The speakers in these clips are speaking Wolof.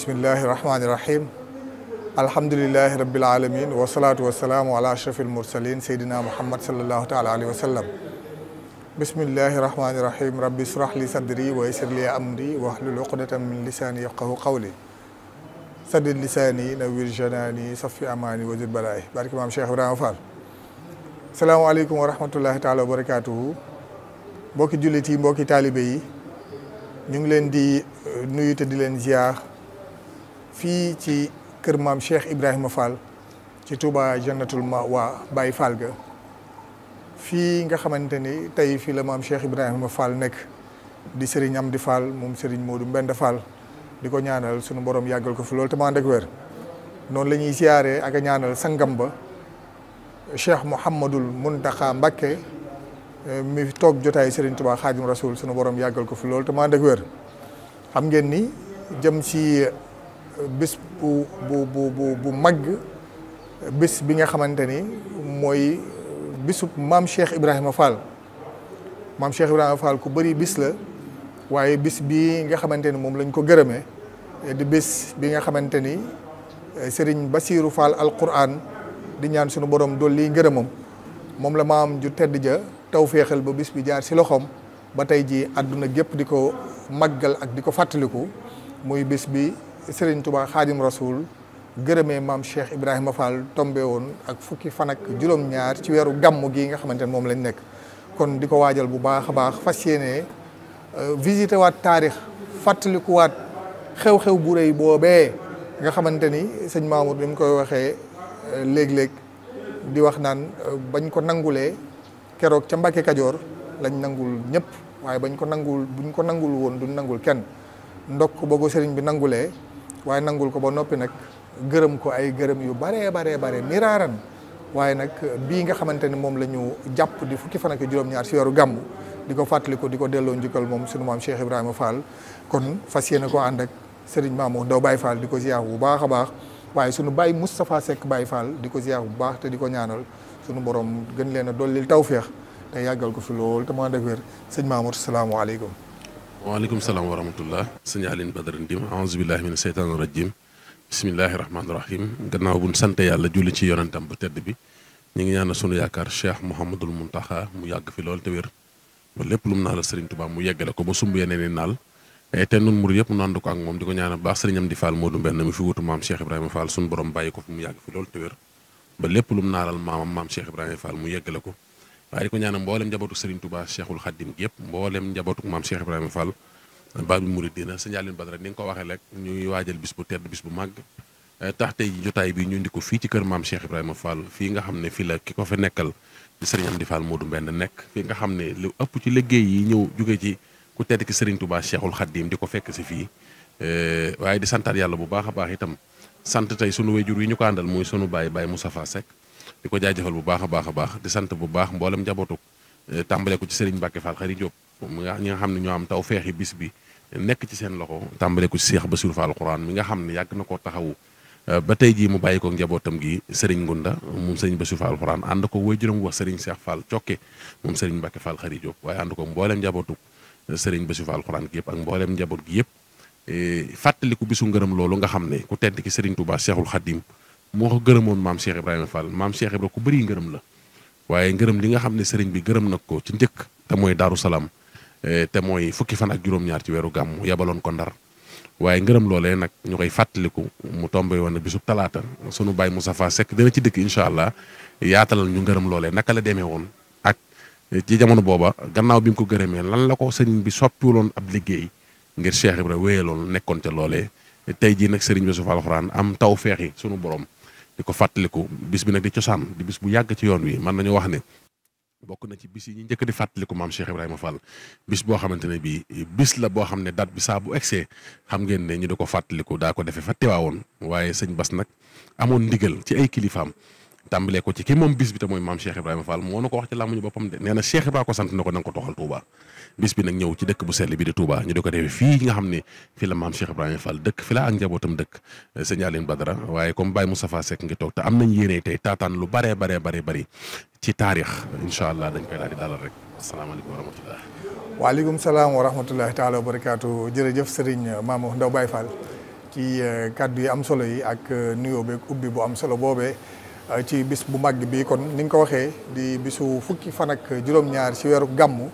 bismillahi rahmaani rahim alhamdulilahi rabbil alamin wasalaatu wasalaamu ala ashrafil mursalin saydina muhammad salallahu taala alayhi wa sallam bismillahi rahmaani rahim rabbi israh li sadri wa yassir li amri wahlul uqdatan min lisaani yafqahu qawli saddid lisaani nawwir janaani safi amaani wazir balaay barki maam Cheikh Ibrahima Fall salaamaaleykum wa rahmatullahi taala wa barakaatuhu mbokki jullit yi mbokki taalibe yi ñu ngi leen di uh, nuyu te di leen ziar fii ci kër maam Cheikh Ibrahima Fall ci Touba Jannatul waa Baye Fall ga fii nga xamante ni tey fii la maam Cheikh Ibrahima Fall nekk di Serigne di Fall moom Serigne Modou Mbend Fall di ko ñaanal sunu borom yàggal ko fi loolu tamit ànd ak wér la ñuy siyaaree ak a ñaanal sangam ba Cheikh Mouhamadul Mountakha Mbacké eh, mi toog jotaay Serigne Touba Khadim Rasoul sunu borom yàggal fi loolu tamit ànd xam ngeen ni jëm ci. bés bu bu bu bu mag bés bi nga xamante ni mooy bisu maam Cheikh Ibrahima Fall maam Cheikh Ibrahima Fall ku bëri bis la waaye bis bi nga xamante ni moom lañ ko gërëmee di bés bi nga xamante ni eh, Serigne Bassirou Fall alquran di ñaan sunu borom dolli ngërëmam moom la maam ju tedd ja taw féexal ba bis bi jaar si loxoom ba tey ji àdduna gépp di ko màggal ak di ko fàttaliku muy bis bi. Serigne tubaa Khadim Rasoul gërëmee maam Cheikh Ibrahima Fall tombé woon ak fukki fan ak juróom-ñaar ci weeru gàmm gi nga xamante ne moom lañ nekk. kon di ko waajal bu baax a baax fas yéene euh, visité waat taarix fàttalikuwaat xew-xew bu rëy boobee nga xamante ni sëñ Mamour ni mu koy waxee euh, léeg-léeg di wax naan euh, bañ ko nangulee keroog ca Mbacke Kajoor lañ nangul ñëpp waaye bañ ko nangul buñ ko nangul woon duñ nangul kenn ndokk boogo sëriñ bi nangulee. waaye nangul ko ba noppi nag gërëm ko ay gërëm yu baree baree bare miraaran waaye nag bii nga xamante ne moom la ñu jàpp di fukki fan ak juróom-ñaar si weeru gàmm di ko fàttaliku di ko delloo njukkal moom sunu maam Cheikh Ibrahima Fall kon fas yéene ko ànd ak Serigne Mamour Ndaw bàyyi Fall di ko ziar bu baax a baax waaye sunu Baye Moustapha Seck Baye Fall di ko ziar bu baax te di ko ñaanal sunu borom gën leen a dollil tawféex te yàggal ko fi lool te maa def wér sëñ Mamour salaamaaleykum. waaleykum salaam wa rahmatullah sëñ Aline Badara Ndim aousubillahi mina seytaani rajim bismillahi rahmaani rahim gannaaw buñ sante yàlla julli ci yonentam bu tedd bi ñu ngi ñaanal sunu yaakaar cheikh mouhamadul muntaxa mu yàgg fi lool te ba lépp lu mu naala sëriñ mu yeggale ko ba sumb yeneen i naal eh, te nun mur yëpp nu ànd ko ak moom di ko ñaanal baax sëriñam di faal moodu mbenn mi fi wutu maam cheikh ibrahima fall sunu borom bàyyi ko fi mu yàgg fi lool te wér ba lépp maam cheikh ibrahima fall mu yeggale ko waaye di ko ñaanal mboolem njabootu Serigne Touba Cheikhul Khadim gi yëpp mboolem njabootu maam Cheikh Ibrahima Fall Babi Mouridina sëñ Aline Badara ni nga ko waxee rek ñuy waajal bis bu tedd bis bu mag eh, tax tey jotaay bi ñu di ko fii ci kër maam Cheikh Ibrahima Fall fii nga xam ne fii la ki ko fa nekkal di Serigne Amdi Fall Modou Mbend nekk fii nga xam ne lu ëpp ci liggéey yi ñëw jóge ci ku tedd ki Serigne Touba Cheikhul Khadim di ko fekk si fii eh, waaye di santaat yàlla bu baax a baax itam sant tey sunu wéjur yi ñu ko àndal mooy sunu baay baay Moustapha Seck di ko jaajafal bu baax a baax a baax di sant bu baax mboolem njabootu eh, tàmbale ko ci Serigne Mbacke Fall Khary Diop mi nga ñi nga xam ne ñoo am taw feexi bis bi nekk ci seen loxo tàmbale ko ci Cheikh Bassirou Fall Quran mi nga xam ne yàgg na koo taxawu eh, ba tey jii mu bàyyi ko njabootam gi Serigne Ngunda moom Serigne Bassirou Fall Quran ànd ko woy juróom wax Serigne Cheikh Fall cokke moom Serigne Mbacke Fall Khary Diop waaye ànd ko mboolem njabootu eh, Serigne Bassirou Fall Quran gi yëpp ak mboolem njaboot gi yëpp fàttaliku bisu ngërëm loolu nga xam ne ku tedd ki Serigne Touba Cheikhul Khadim moo ko gërëmoon maam Cheikh Ibrahima Fall maam Cheikh Ibrahima ku bëri ngërëm la waaye ngërëm li nga xam ne sëriñ bi gërëm nag ko ci njëkk te mooy Daaru Salaam eh, te mooy fukki fan ak juróom-ñaar ci weeru gàmm yabaloon ko ndar waaye ngërëm loolee nag ñu koy fàttaliku mu tombé woon na bisub talaata sunu baay Moustapha sekk dina ci dëkk incha allah yaatalal ñu ngërëm loolee naka la demee woon ak eh, ci jamono booba gannaaw bi mu ko gërëmee lan la ko sëriñ bi soppiwuloon ab liggéey ngir Cheikh Ibrahima wéyaloon nekkoon ca loolee tey jii nag sëriñ bi suuf alxuraan am taw feexi sunu borom di ko fàttaliku bis bi nag di cosaan di bis bu yàgg ci yoon wi mën nañu wax ne bokk na ci bis yi ñu njëkk di fàttaliku maam Cheikh Ibrahima Fall bis boo xamante ne bii bis la boo xam ne daat bi saa bu egsee xam ngeen ne ñu di ko fàttaliku daa ko defee fa teewaawoon waaye sëñ Bas nag amoon ndigal ci ay kilifaam. tàmbalee ko ci ki moom bis bi tam mooy maam Cheikh Ibrahima Fall moo na ko wax ci làmmuñu boppam de nee na Cheikh Ibrahima ko sant na ko na nga ko toxal Touba bis bi nag ñëw ci dëkk bu sell bi di Touba ñu ko defee fii nga xam ne fii la maam Cheikh Ibrahima Fall dëkk fi la eh, waaye comme Baye Moustapha Seck ngi toog te am nañ yéene tey taataan lu baree baree baree bari ci taarix incha allah dañ koy daal di dalal rek asalaamaaleykum wa rahmatullah waaleykum salaam wa rahmatullahi taala wa barakaatu jërëjëf Serigne Mamadou Ndaw Baye ci eh, kaddu yi am solo yi ak eh, nuyoo beeg ubbi bu am solo boobee ci bis bu màgg bi kon ni nga ko waxee di bisu fukki fan ak juróom-ñaar ci weeru gàmmu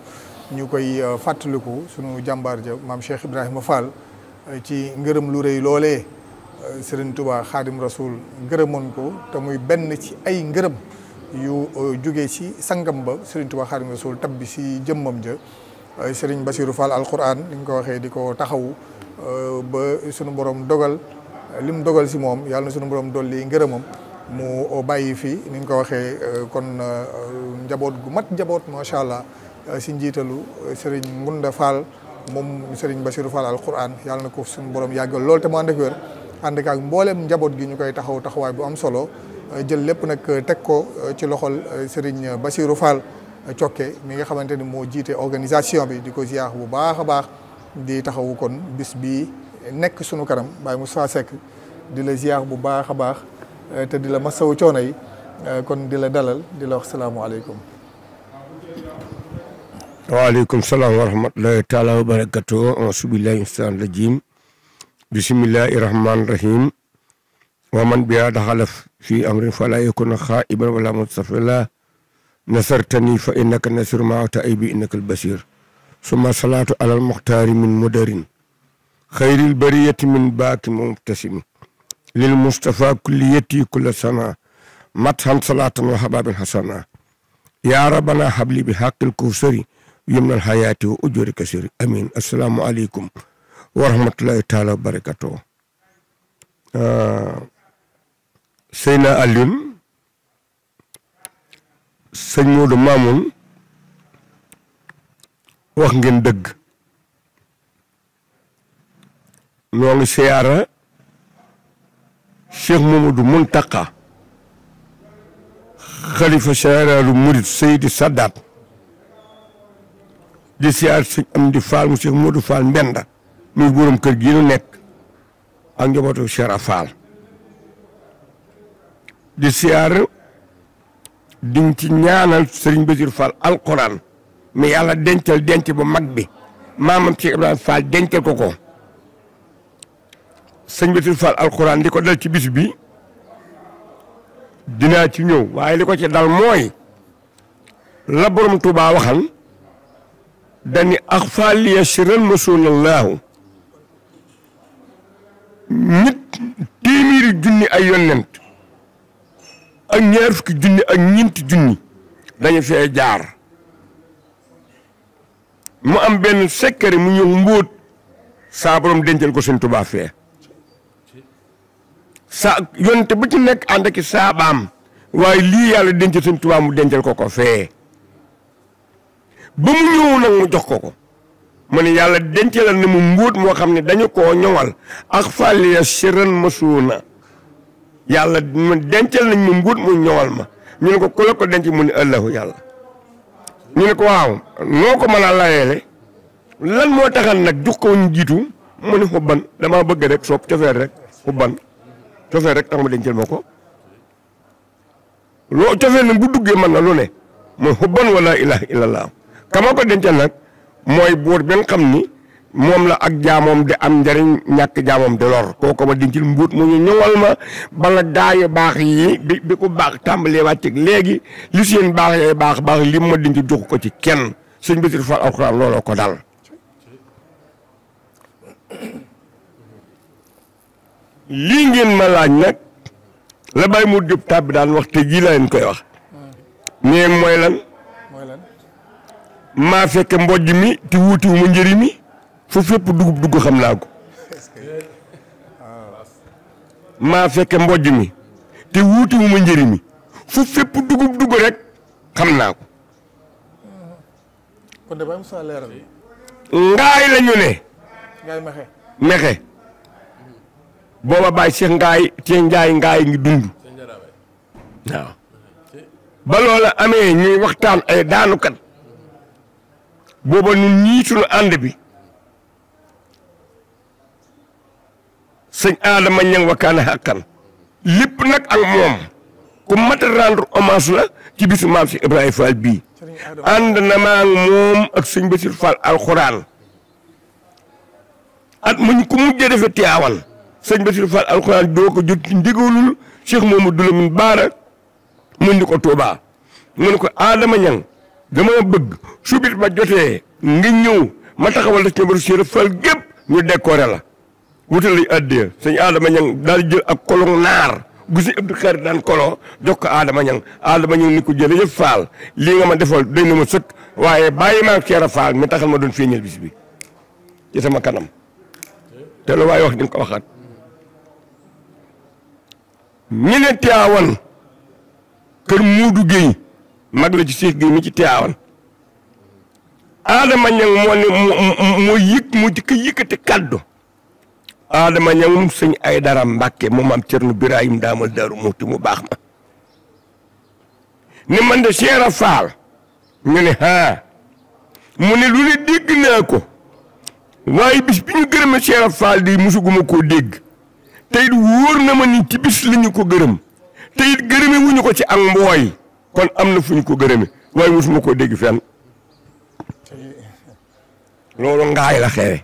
ñu koy euh, fàttaliku sunu jàmbaar ja maam Cheikh Ibrahima Fall euh, ci ngërëm lu rëy loolee euh, Serigne Touba Xaadim Rasoul gërëmoon ko te muy benn ci ay ngërëm yu jóge ci sangam ba Serigne Touba Xaadim Rasoul bi si jëmmam ja Serigne Bassirou Fall alquran ni nga ko waxee di ko taxaw ba sunu borom dogal lim dogal ci moom yàlla na sunu borom dolli ngërëmam. mu bàyyi fii ni nga ko waxee euh, kon euh, njaboot gu mat njaboot macha allah euh, si njiitalu Serigne Ngunda Fall moom Serigne Bassirou Fall alquran yàlla na ko suñu borom yàggal lool te mu ànd ak wér ànd ak mboolem njaboot gi ñu koy taxaw taxawaay bu am solo jël lépp nag teg ko ci loxol Serigne Bassirou Fall cokke mi nga xamante ni moo jiite organisation bi di ko ziar bu baax a baax di taxawu kon bis bi nekk sunu kanam Baye Moussa Seck di la ziar bu baax a baax. Eh, te di la masawu coono eh, kon dila dalal di la wax salaamualeykum. waaleykum salaam wa rahmatullahi taala wa barakatuh asubillahi insaan rajim bisimillahi rahman rahim wa man biya daxalaf fi amrin fala yakuna xaiban wala mustafila nasartani fa innaka nasir maata ay bi innaka albasir suma salaat alal muxtaari min mudarin xayril bariyati min baaki mubtasimi lil mustafa kulliyati kulla sana mathan salatan wa hababan hasana ya rabana habli bi haqqil kawsari yumnal hayati wa ujuri kasiri amin assalamu aleykum wa rahmatullahi wa barakatuh ah, Seyna Alioune sëñ Modou Mamoun wax ngeen dëgg ñoo ngi siyaara cheikh Mamadou Mountakha xalifa généralu murid Seydi Sadat di siyaar sëñ Amdi Fall mu cheikh Mamadou Fall Mbenda muy borom kër gi nu nekk ak njabootu Cheikh a Fall di siyaar diñ ci ñaanal Serigne Bassirou Fall alquran mais yàlla dencal denc bu mag bi maamam Cheikh Ibrahima Fall dencal ko ko sëñ Bassirou Fall alxuraan di ko dal ci bis bi dinaa ci ñëw waaye li ko ci dal mooy la borom Tuubaa waxan dani ax faaliya siran rasulallaahu nit téeméeri junni ay yonent ak ñaar fukki junni ak ñeenti junni dañu fee jaar mu am benn sekkari mu ñëw mbóot saa dencal ko seen Tuubaa fee sa yonent bu ci nekk ànd ak saabaam waaye lii yàlla dence sëñ Tuubaa mu dencal ko ko fee ba mu ñëw nag mu jox ko ko mu ne yàlla dencal na mu mbóot moo xam ne dañu koo ñëwal ak fàlliya siran masuuna yàlla man denceel nañ ma mbóot mu ñëwal ma ñu ne ko ku la ko denc mu ne allahu yàlla ñu ne ko waaw noo ko mën a layeele lan moo taxal nag jox ko ñu jiitu mu ne xubban damaa bëgg rek soog cofeer rek xubban cofeel rek tax ma dencal ma ko loo cofeel nag bu duggee man na lu ne mooy xubban wala ilaha am kama ko dencal nag mooy buur benn xam ni moom la ak jaamoom de am njariñ ñàkk jaamoom de lor kooko ma dencal mbuut mu ñu ñëwal ma bala gaayu baax yi bi bi ko baax tàmbalee wàcceeg léegi li seen baax yee baax baax li ma denc jox ko ci kenn sëñ Bassirou Fall alxuraan looloo ko daal lii ngeen ma laaj nag la mu Modou Diop tàbbi daan wax te jii la leen koy wax mais mooy lan maa fekk mbojj mi te wuutiwuma njëriñ mi fu fépp dugub dugg xam naa ko maa fekk mbojj mi te wuutiwuma njëriñ mi fu fépp dugub dugg rek xam naa ko. kon de Baye Moussa leeral. ngaay la ne. mexe. booba Baye Cheikh Ngaay Cheikh njaay Ngaay ngi dund waaw ba loola amee ñuy waxtaan ay daanukat booba ñun ñii suñu ànd bi sëñ Adama ñang wakkaane xàqan lépp nag ak moom ku mat rendre hommage la ci bisu maam si Ibrahima Fall bii ànd na maa moom ak sëñ Bassirou Fall alxuraan at muñ ko mujjee defe tiyaawal sëñ Bassirou Fall alxuraan doo ko jot ci ndigalul Cheikh Mamadou Lamine Baara mu indi ko Touba mu ne ko Adama Niang dama bëgg subit ba jotee nga ñëw ma taxawal la sëñ Bassirou gépp ñu décoré la wutal lañ addee sëñ Adama Niang daal jël ak kolong naar gu si Abdou Khari daan koloo jox ko Adama Niang Adama Niang ni ko jërëjëf Fall lii nga ma defoon day na ma sët waaye bàyyi maa ceer a Fall mi taxal ma doon feeñal bis bi ci sama kanam te lu waaye wax di nga ko ñi ne Tiwaawan kër Muudu Géey mag la ci Seex Géey mi ci Tiwaawan Adama Ñang moo ne moo moo yëg moo jëkk yëkkati kaddu Adama Ñang mu sëñ ay dara mbake mu maam Cerno Birahim daamal Daaru Muxti mu baax ma ni man de Cheikh Faal ñu ne haa mu ne lu ne dégg naa ko waaye bis bi ñu gërëma Cheikh Faal di musuguma koo dégg te it wóor na ma ni ci lañu la ñu ko gërëm te it gërëme wuñu ko ci ak mbooy kon am na fu ñu ko gërëme waaye mosuma koo dégg fenn loolu ngaay la xewe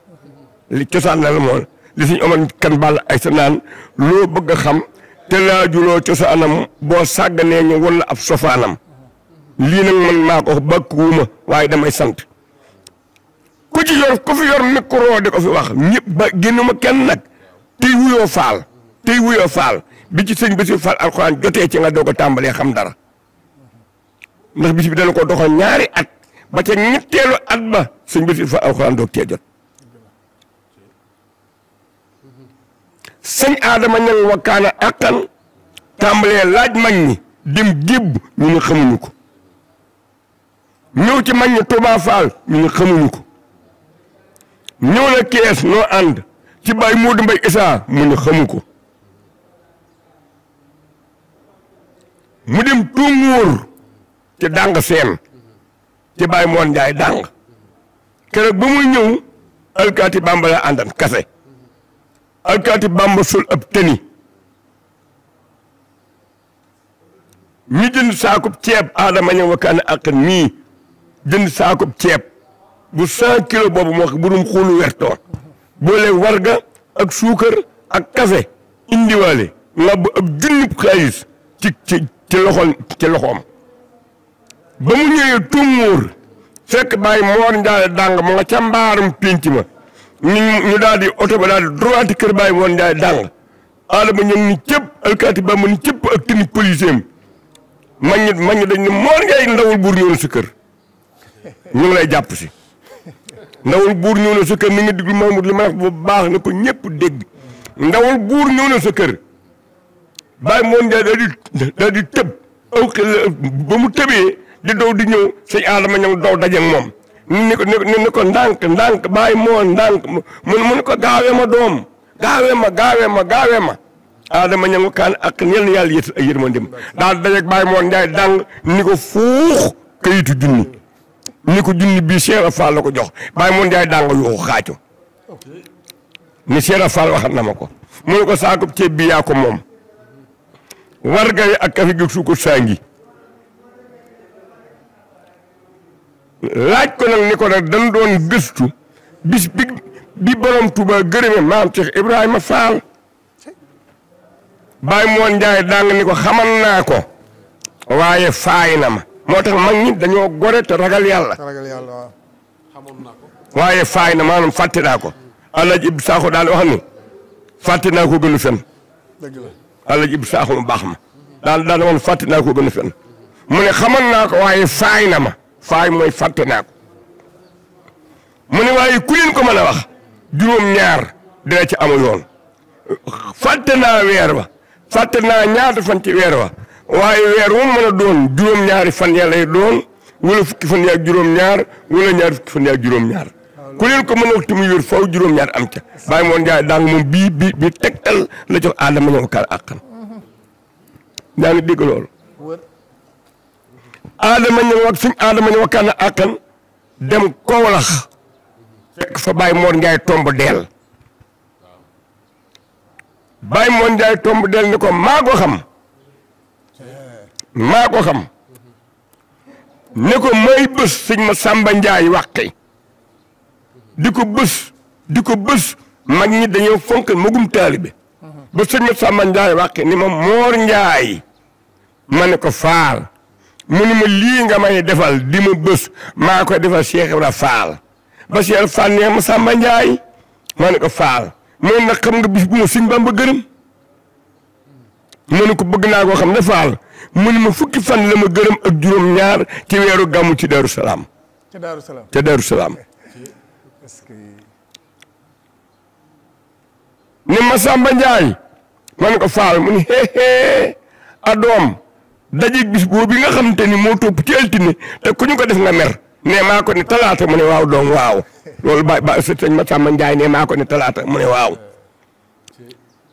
li cosaan la la mool li suñ amoon kan bàll ay sa naan loo bëgg a xam te laajuloo cosaanam boo sàgganee ñu wala ab sofaanam lii nag man maa ko bàkkuwuma waaye damay sant ku ci yor ku fi yor micro di ko fi wax ñëpp ba génnuma kenn nag tey wuyoo faal tey wuyoo faal bi ci sëñ Bassirou Fall alxuraan jotee ci nga doog tàmbalee xam dara ndax bis bi dana ko doxal ñaari at ba ca ñetteelu at ba sëñ Bassirou Fall alxuraan doog cee jot. sëñ Adama ñang wakkaana àqan tàmbalee laaj mag ñi dem gébb ñu ne xamuñu ko ñëw ci mag ñi Touba Fall ñu ne xamuñu ko ñëw na kees noo ànd. ci Baye Modou Mbaye Issa mu ne xamu ko mu dem Tunguur ci dàng seen ci Baye Moon Njaay dàng keroog ba muy ñëw alkaati Bamba la kase alkaati Bamba sol ab tëni mi jënd saakub ceeb aadama ñëw wakkaane akkan mii jënd saakub ceeb bu san kilo boobu moo ko burum xuulu wertoon boole warga ak suukar ak café indiwaale ngàbb ab junnib xaalis ci ci loxoom ba mu ñëwee tummóor fekk baay moor njaay dàng mu nga ca mbaarum pénc ma ñu ñu daal di oto ba daal di kër baay moor njaay dàng aadama ñoom ni cëpp alkaati ba mu ni cëpp ak tini policier mañ mañ dañ ne moor njaay ndawul buur ñoonu sa ñu ngi lay jàpp si ndawal buur ñëw na sa kër ni nga diglu li ma wax bu baax na ko ñëpp dégg ndawal buur ñëw na sa kër bàyyi moon Njaay daal di di tëb ba mu tëbee di dow di ñëw sëñ Adama ñëw dow daje moom ni ni ko ndànk ndànk bàyyi moo ndànk mu mu ne ko gaawee ma doom gaawee ma gaawee ma gaawee ma Adama ña nga kaan ak ñenn yàlla yët ay yërmandim daal dajeeg bàyyi moon Njaay dàng ni ko fuux kayitu junni ni ko junni bii Cheikh Fall la ko jox bàyyi moon jaay danga yuuxu xaacu ni Cheikh Fall waxat na ma ko mu ne ko saako ceeb bi yaa ko moom warga yi ak kafe gi su saangi laaj ko nag ni ko nag dañ doon gëstu bis bi bi borom Tuuba gërëme maam Cheikh Ibrahima Fall bàyyi moon jaay danga ni ko xamal naa ko waaye faay na ma moo tax mag ñi dañoo gore te ragal yàlla. ragal yàlla waaye faay na maanaam fàtte naa ko. Alaaji Ibou Sakho daal wax ni fàtte naa ko gënu fen. dëgg la Alaaji Ibou Sakho mu baax ma. daal daal man fàtte naa ko gënu fen. mu ne xamoon naa ko waaye faay na ma. faay mooy fàtte naa ko. mu ne waaye ku leen ko mën a wax. juróom-ñaar dina ci amul yoon. fàtte naa weer wa. fàtte naa ñaata fan ci weer wa. waaye weer wu mën a doon juróom-ñaari fan ya lay doon wala fukki fan yaak juróom-ñaar wala ñaari fukki fan yaak juróom-ñaar ku leen ko mën a te muy wér faw juróom-ñaar am ca bàyyi moon njaay daang moom bii bi bi tegtal la jox aadama ñoo kaal àqam yaa ngi dégg loolu aadama ña wat fi mu a àqan dem Kowlax fekk fa Baye Mor Ndiaye tomb deel Baye Mor Ndiaye tomb deel ni ko maa ko xam maa ko xam ne ko may bés sëñ ma Samba Ndiaye wàqe di ko bés di ko bés mag ñi dañoo fonk magum taalibe ba sëñ ma Samba Ndiaye wàqe ni ma Moor Ndiaye ma ne ko faal mu ni ma lii nga may defal di ma bés maa koy defal Cheikh Ibra faal ba Cheikh faal ne ma Samba Ndiaye ma ne ko faal mooy nag xam nga bis bu ma sëñ Bamba gërëm ma ne ko bëgg naa koo xam ne faal mu ne ma fukki fan la ma gërëm ak juróom-ñaar ci weeru gàmmu ci Daaru Salaam. ca Daaru Salaam ca Daaru Salaam. ni Masamba Ndiaye ma ne ko faal mu ni xeexee adoom daje bis boobu nga xam te ni moo topp ci altine te ku ñu ko def nga mer ne maa ko ni talaata mu ne waaw doom waaw loolu ba ba sëñ Masamba Ndiaye ne maa ko ni talaata mu ne waaw.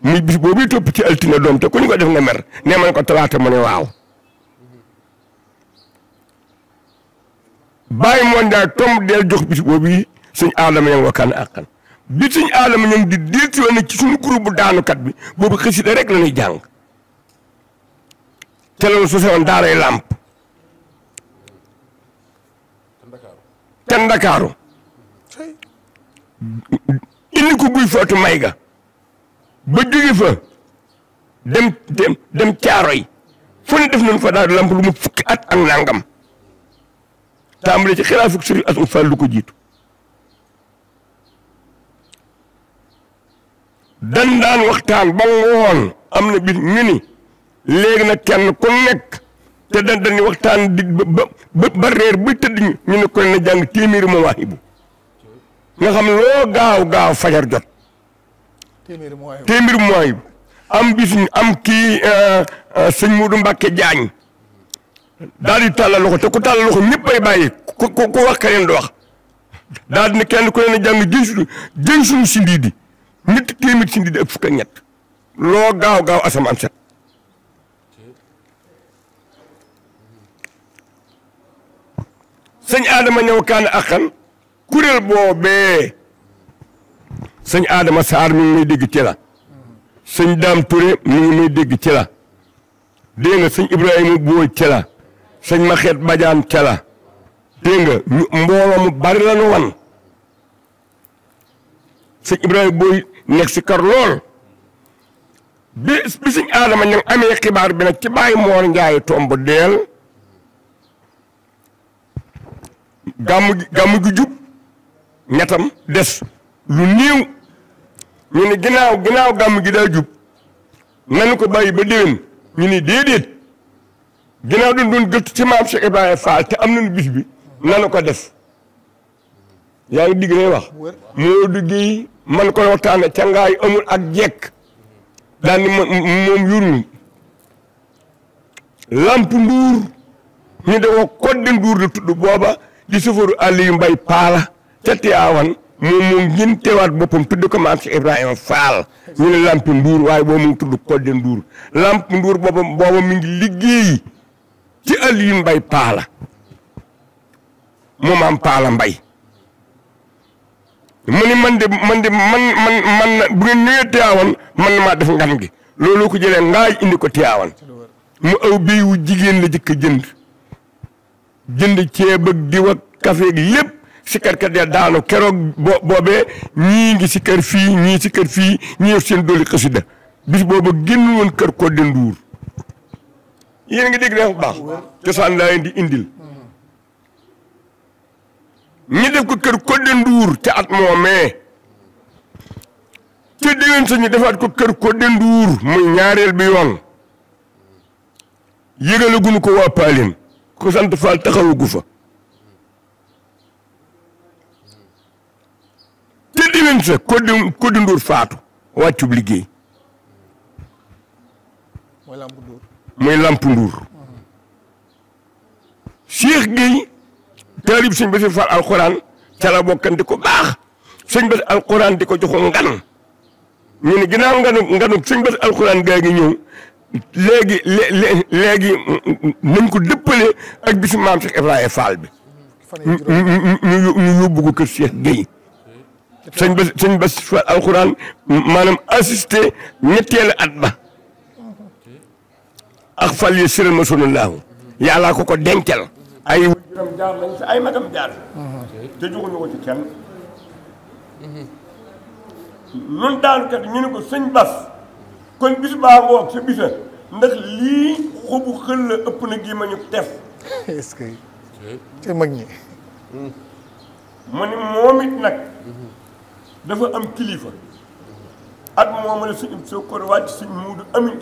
muy bis boobu topp ci altine doom te ku ñu ko def nga mer nee man ko talaata mu ne waaw. bàyyi moon daal tomb del jox bis boobu suñ aadama yang wakkaan àqan bi suñ aadama yang di déetu woon ci suñu groupe bu daanukat bi boobu xasida rek la ñuy jàng te loolu su sewoon daaray làmp te ndakaaru indi ko guy footu may ga ba jóge fa dem dem dem caaroy fu ne def nañ fa daal lamp lu mu fukki at ak nangam tàmbale ci xilaafuk Sëriñ Assane Fall lu ko jiitu dan daan waxtaan ba am na bis ñu ni léegi nag kenn ku nekk te dan dañuy waxtaan di ba ba ba réer tëdd ñu ne ko na jàng téeméeri mawaahibu nga xam loo gaaw gaaw fajar jot téeméeri mooy téeméeri mooy am am kii euh, euh, sëñ woodu Mbacke Diagne daal di tàllal loxo te ku tàllal loxo ñëpp ay bàyyi ku wax keneen di daal di ne kenn ku ne na jàng jën suñu jën suñu si ndii di ñetti ñett loo gaaw gaaw asamaan set sëñ Adama ñëw kaan ak xan kuréel sëñ Adama Sarr mi may dégg ci la sëñ Dame Touré mi may dégg ci la dégg nga sëñ Ibrahima Booy ci la sëñ Maxeet Badiane ci la dégg nga ñu mbooloo mu bari la ñu wan sëñ Ibrahima Booy nekk si kar lool bi bi sëñ Adama amee xibaar bi nag ci bàyyi Moor Njaay tomb deel gàmmu gi gàmmu gi jub ñettam des lu néew ñu ne ginnaaw ginnaaw gàmm gi daa jub nañ ko bàyyi ba déwén ñu ne déedéet ginnaaw dañ doon gëstu ci maam Cheikh Ibrahima Fall te am nañu bis bi nanu ko def yaa ngi digg lay wax moo duggee man ko waxtaane ca amul ak jekk daal ni moom yurul lamp nduur ñu de ko kodde nduur la tudd booba di sufaru àll yu mbay paala ca Tiwaawan moom moo ngeen teewaat boppam tudd ko maam Cheikh Ibrahima Fall ñu ne Lamp Ndour waaye boobu mu ngi tudd Codé Ndour Lamp Ndour boppam booba mi ngi liggéey ci Aliou Mbaye Paala moom am Paala mbay mu ni man de man man man man bu ngeen ñëwee Tiwaawan maa def ngan gi loolu ko jëlee ngaay indi ko Tiwaawan mu aw béy wu jigéen la jëkk jënd jënd ceeb ak diw ak café lépp sikkarkat ya daanu keroog bo boobee ñii ngi si kër fii ñii si kër fii ñii yor seen dolli xasida bis booba génn woon kër ko de Ndour ngi dégg dafa baax cosaan laa di indil ñu def ko kër Codé Ndour te at moomee te déwén sañu defaat ko kër Codé Ndour muy ñaareel bi yoon yëgalaguñu ko waa Paalin ko sant Fall taxawagu fa déwén sa Codé Codé Ndour faatu wàccub liggéey. mooy Lamp Ndour. mooy Lamp Ndour. Cheikh Gueye. taalib sëñ Bassirou Fall alxuraan ca la bokkan di ko baax sëñ Bass alxuraan di ko joxoon ngan. ñu ne ginnaaw nganu nganu sëñ Bass alxuraan gaa ngi ñëw léegi léegi nañ ko dëppale ak bisu maam Cheikh Ibrahima Fall bi. ñu yóbbu kër Cheikh Gueye. sëñ Bass sëñ Bass Fall alxuraan maanaam assisté ñetteelu at ba ak fal yi siral ma sunu laahu yàllaa ko ko dencal ay waajuram jaar te joxuñu ko ci kenn nun daal kat ñu ne ko sëñ Bass kon bis baa ngoog sa bisa ndax lii xobu xël la ëpp na gii ma ñu tef est mag ñi mu ni moom it nag dafa am kilifa at moom la suñ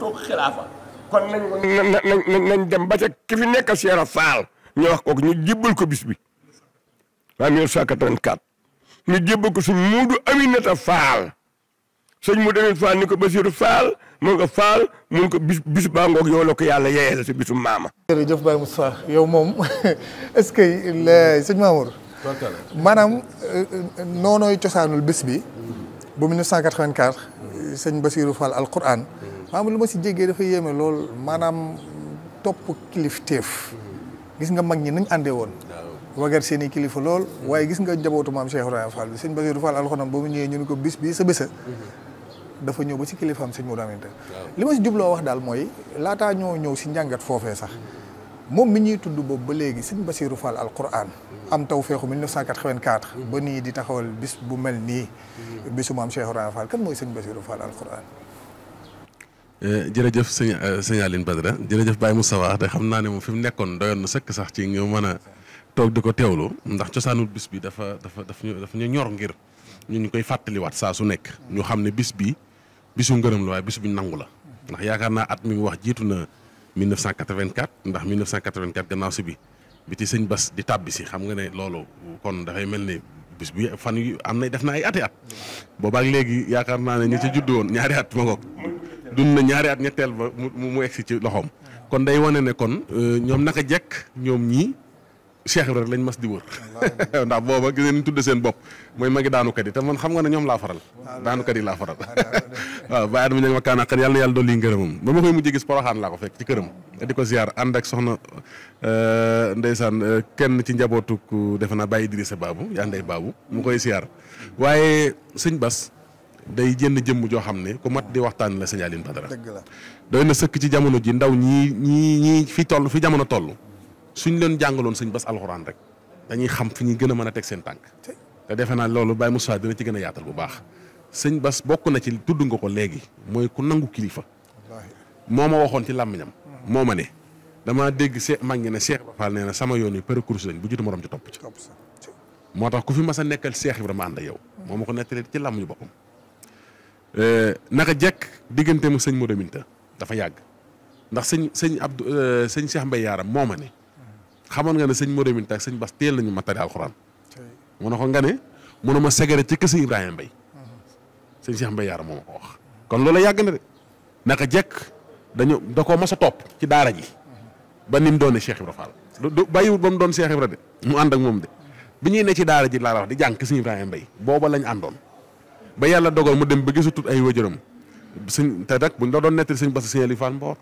toog xilaafa kon nañ dem ba ca ki fi nekk Cheikh Ibra Fall ñu wax ko ñu jébbal ko bis bi en 1984 ñu jébbal ko suñ muudu Aminata Fall sëñ mu demit Fall ni ko Basiru Fall mun nga Fall mun ko bis bis baa ngoog yow la ko yàlla yeeyal sa bisu maama. jërëjëf Baye yow moom ce que sëñ maanaam euh, euh, noonooy cosaanul bés bi bu 1984 sëñ Basirou Fall al Quran maanaam lu ma si jegee dafa yéeme lool maanaam topp kilifteef gis nga mag ñi nañ àndee woon wagar seen kilifa lool waaye gis nga njabootu maam Cheikh Ibrahima Fall bi sëñ Basirou ba mu ñëwee ñu ni ko bis bi sa bésa dafa ñëw ba si kilifaam sëñ Modou Aminta li ma si jubloo wax daal mooy laataa ñoo ñëw si njàngat foofee sax moom mi ñuy tudd boobu ba léegi sëñ Bassirou Fall alquran am taw feexu 1984 ba nii di taxawal bis bu mel nii bisu maam Cheikh Ibrahima Fall kan mooy sëñ Bassirou Fall alquran eh, jërëjëf sëñ eh, sëñ Aline Badara jërëjëf Baye Moustapha te xam naa ne moom fi mu nekkoon doyoon na sëkk sax ci nga mën a toog di ko teewlu ndax cosaanul bis bi dafa dafa daf ñu daf ñu ñor ngir ñu ñu koy fàttaliwaat saa su nekk ñu xam ne bis bi bisu ngërëm la waaye bis bu nangu la ndax yaakaar naa at mi wax jiitu na 1984 ndax 1984 gannaaw si bi bi ci Bas di tàbbi si xam nga ne loolu kon dafay mel ne bis bi fan am na def na ay ati at boobaak léegi yaakaar naa ne ñu ci judd woon ñaari at ma dund na ñaari at ñetteel ba mu mu egsi ci loxoom kon day wane ne kon euh, ñoom naka jekk ñoom ñii Cheikh Ibrahima lañ mas di wër ndax booba gis ngeen tudd seen bopp mooy magi daanukat yi te man xam nga ne ñoom laa faral daanukat yi laa faral waaw bàyyi adama ña ma kaan aqat yàlla na yàlla dolli ngërëmam ba ma koy mujj gis poroxaan laa ko fekk ci këram di ko ziar ànd ak soxna euh, ndeysaan euh, kenn ci njabootuk defe naa bàyyi sa Baabu yaa ndey Baabu mu koy ziar waaye sëñ Bas day jënd jëmm joo xam ne ku mat di waxtaan la sëñ Aline Badara doy na sëkk ci jamono ji ndaw ñii ñii ñii toll fi jamono toll suñ leen jàngaloon sëñ bas alxuraan rek dañuy xam fi ñuy gën a mën a teg seen tànk te defe naa loolu Baye Moussa dina ci gën a yaatal bu baax sëñ bas bokk na ci tudd nga ko léegi mooy ku nangu kilifa moo ma waxoon ci làmmiñam moo ma ne damaa dégg see mag ngi ne Cheikh Ibra Fall nee na sama yoon yi parcours lañ bu jiitu morom ci topp ci moo tax ku fi mas a nekkal Cheikh Ibrahima ànd ak yow moo ma ko nettali ci làmmiñu boppam euh, a jekk diggante mu sëñ Modou Minta dafa yàgg ndax sëñ sëñ Abdou euh, sëñ Cheikh Mbaye Yaaram moo ma ne xamoon nga ne sëñ Modou Minta ak sëñ Bas teel nañu ma tari alxuraan. mu ne ko nga ne mu ma segere ci kese Ibrahima Mbaye. Mhm. sëñ Cheikh Mbaye Yaara moo moom ko wax. kon loolu yàgg na de naka jekk dañu da koo mas a topp ci daara ji. Mhm. ba ni mu doonee Cheikh Ibra Fall. du du bàyyiwut mu doon moom de bi ñuy ne ji laa di jàng kese Ibrahima Mbaye booba lañ àndoon. ba yàlla dogal mu dem ba gisatut ay waajuram sëñ te rek buñ la doon nettali sëñ Bas Sëñ Ali Fall Mbor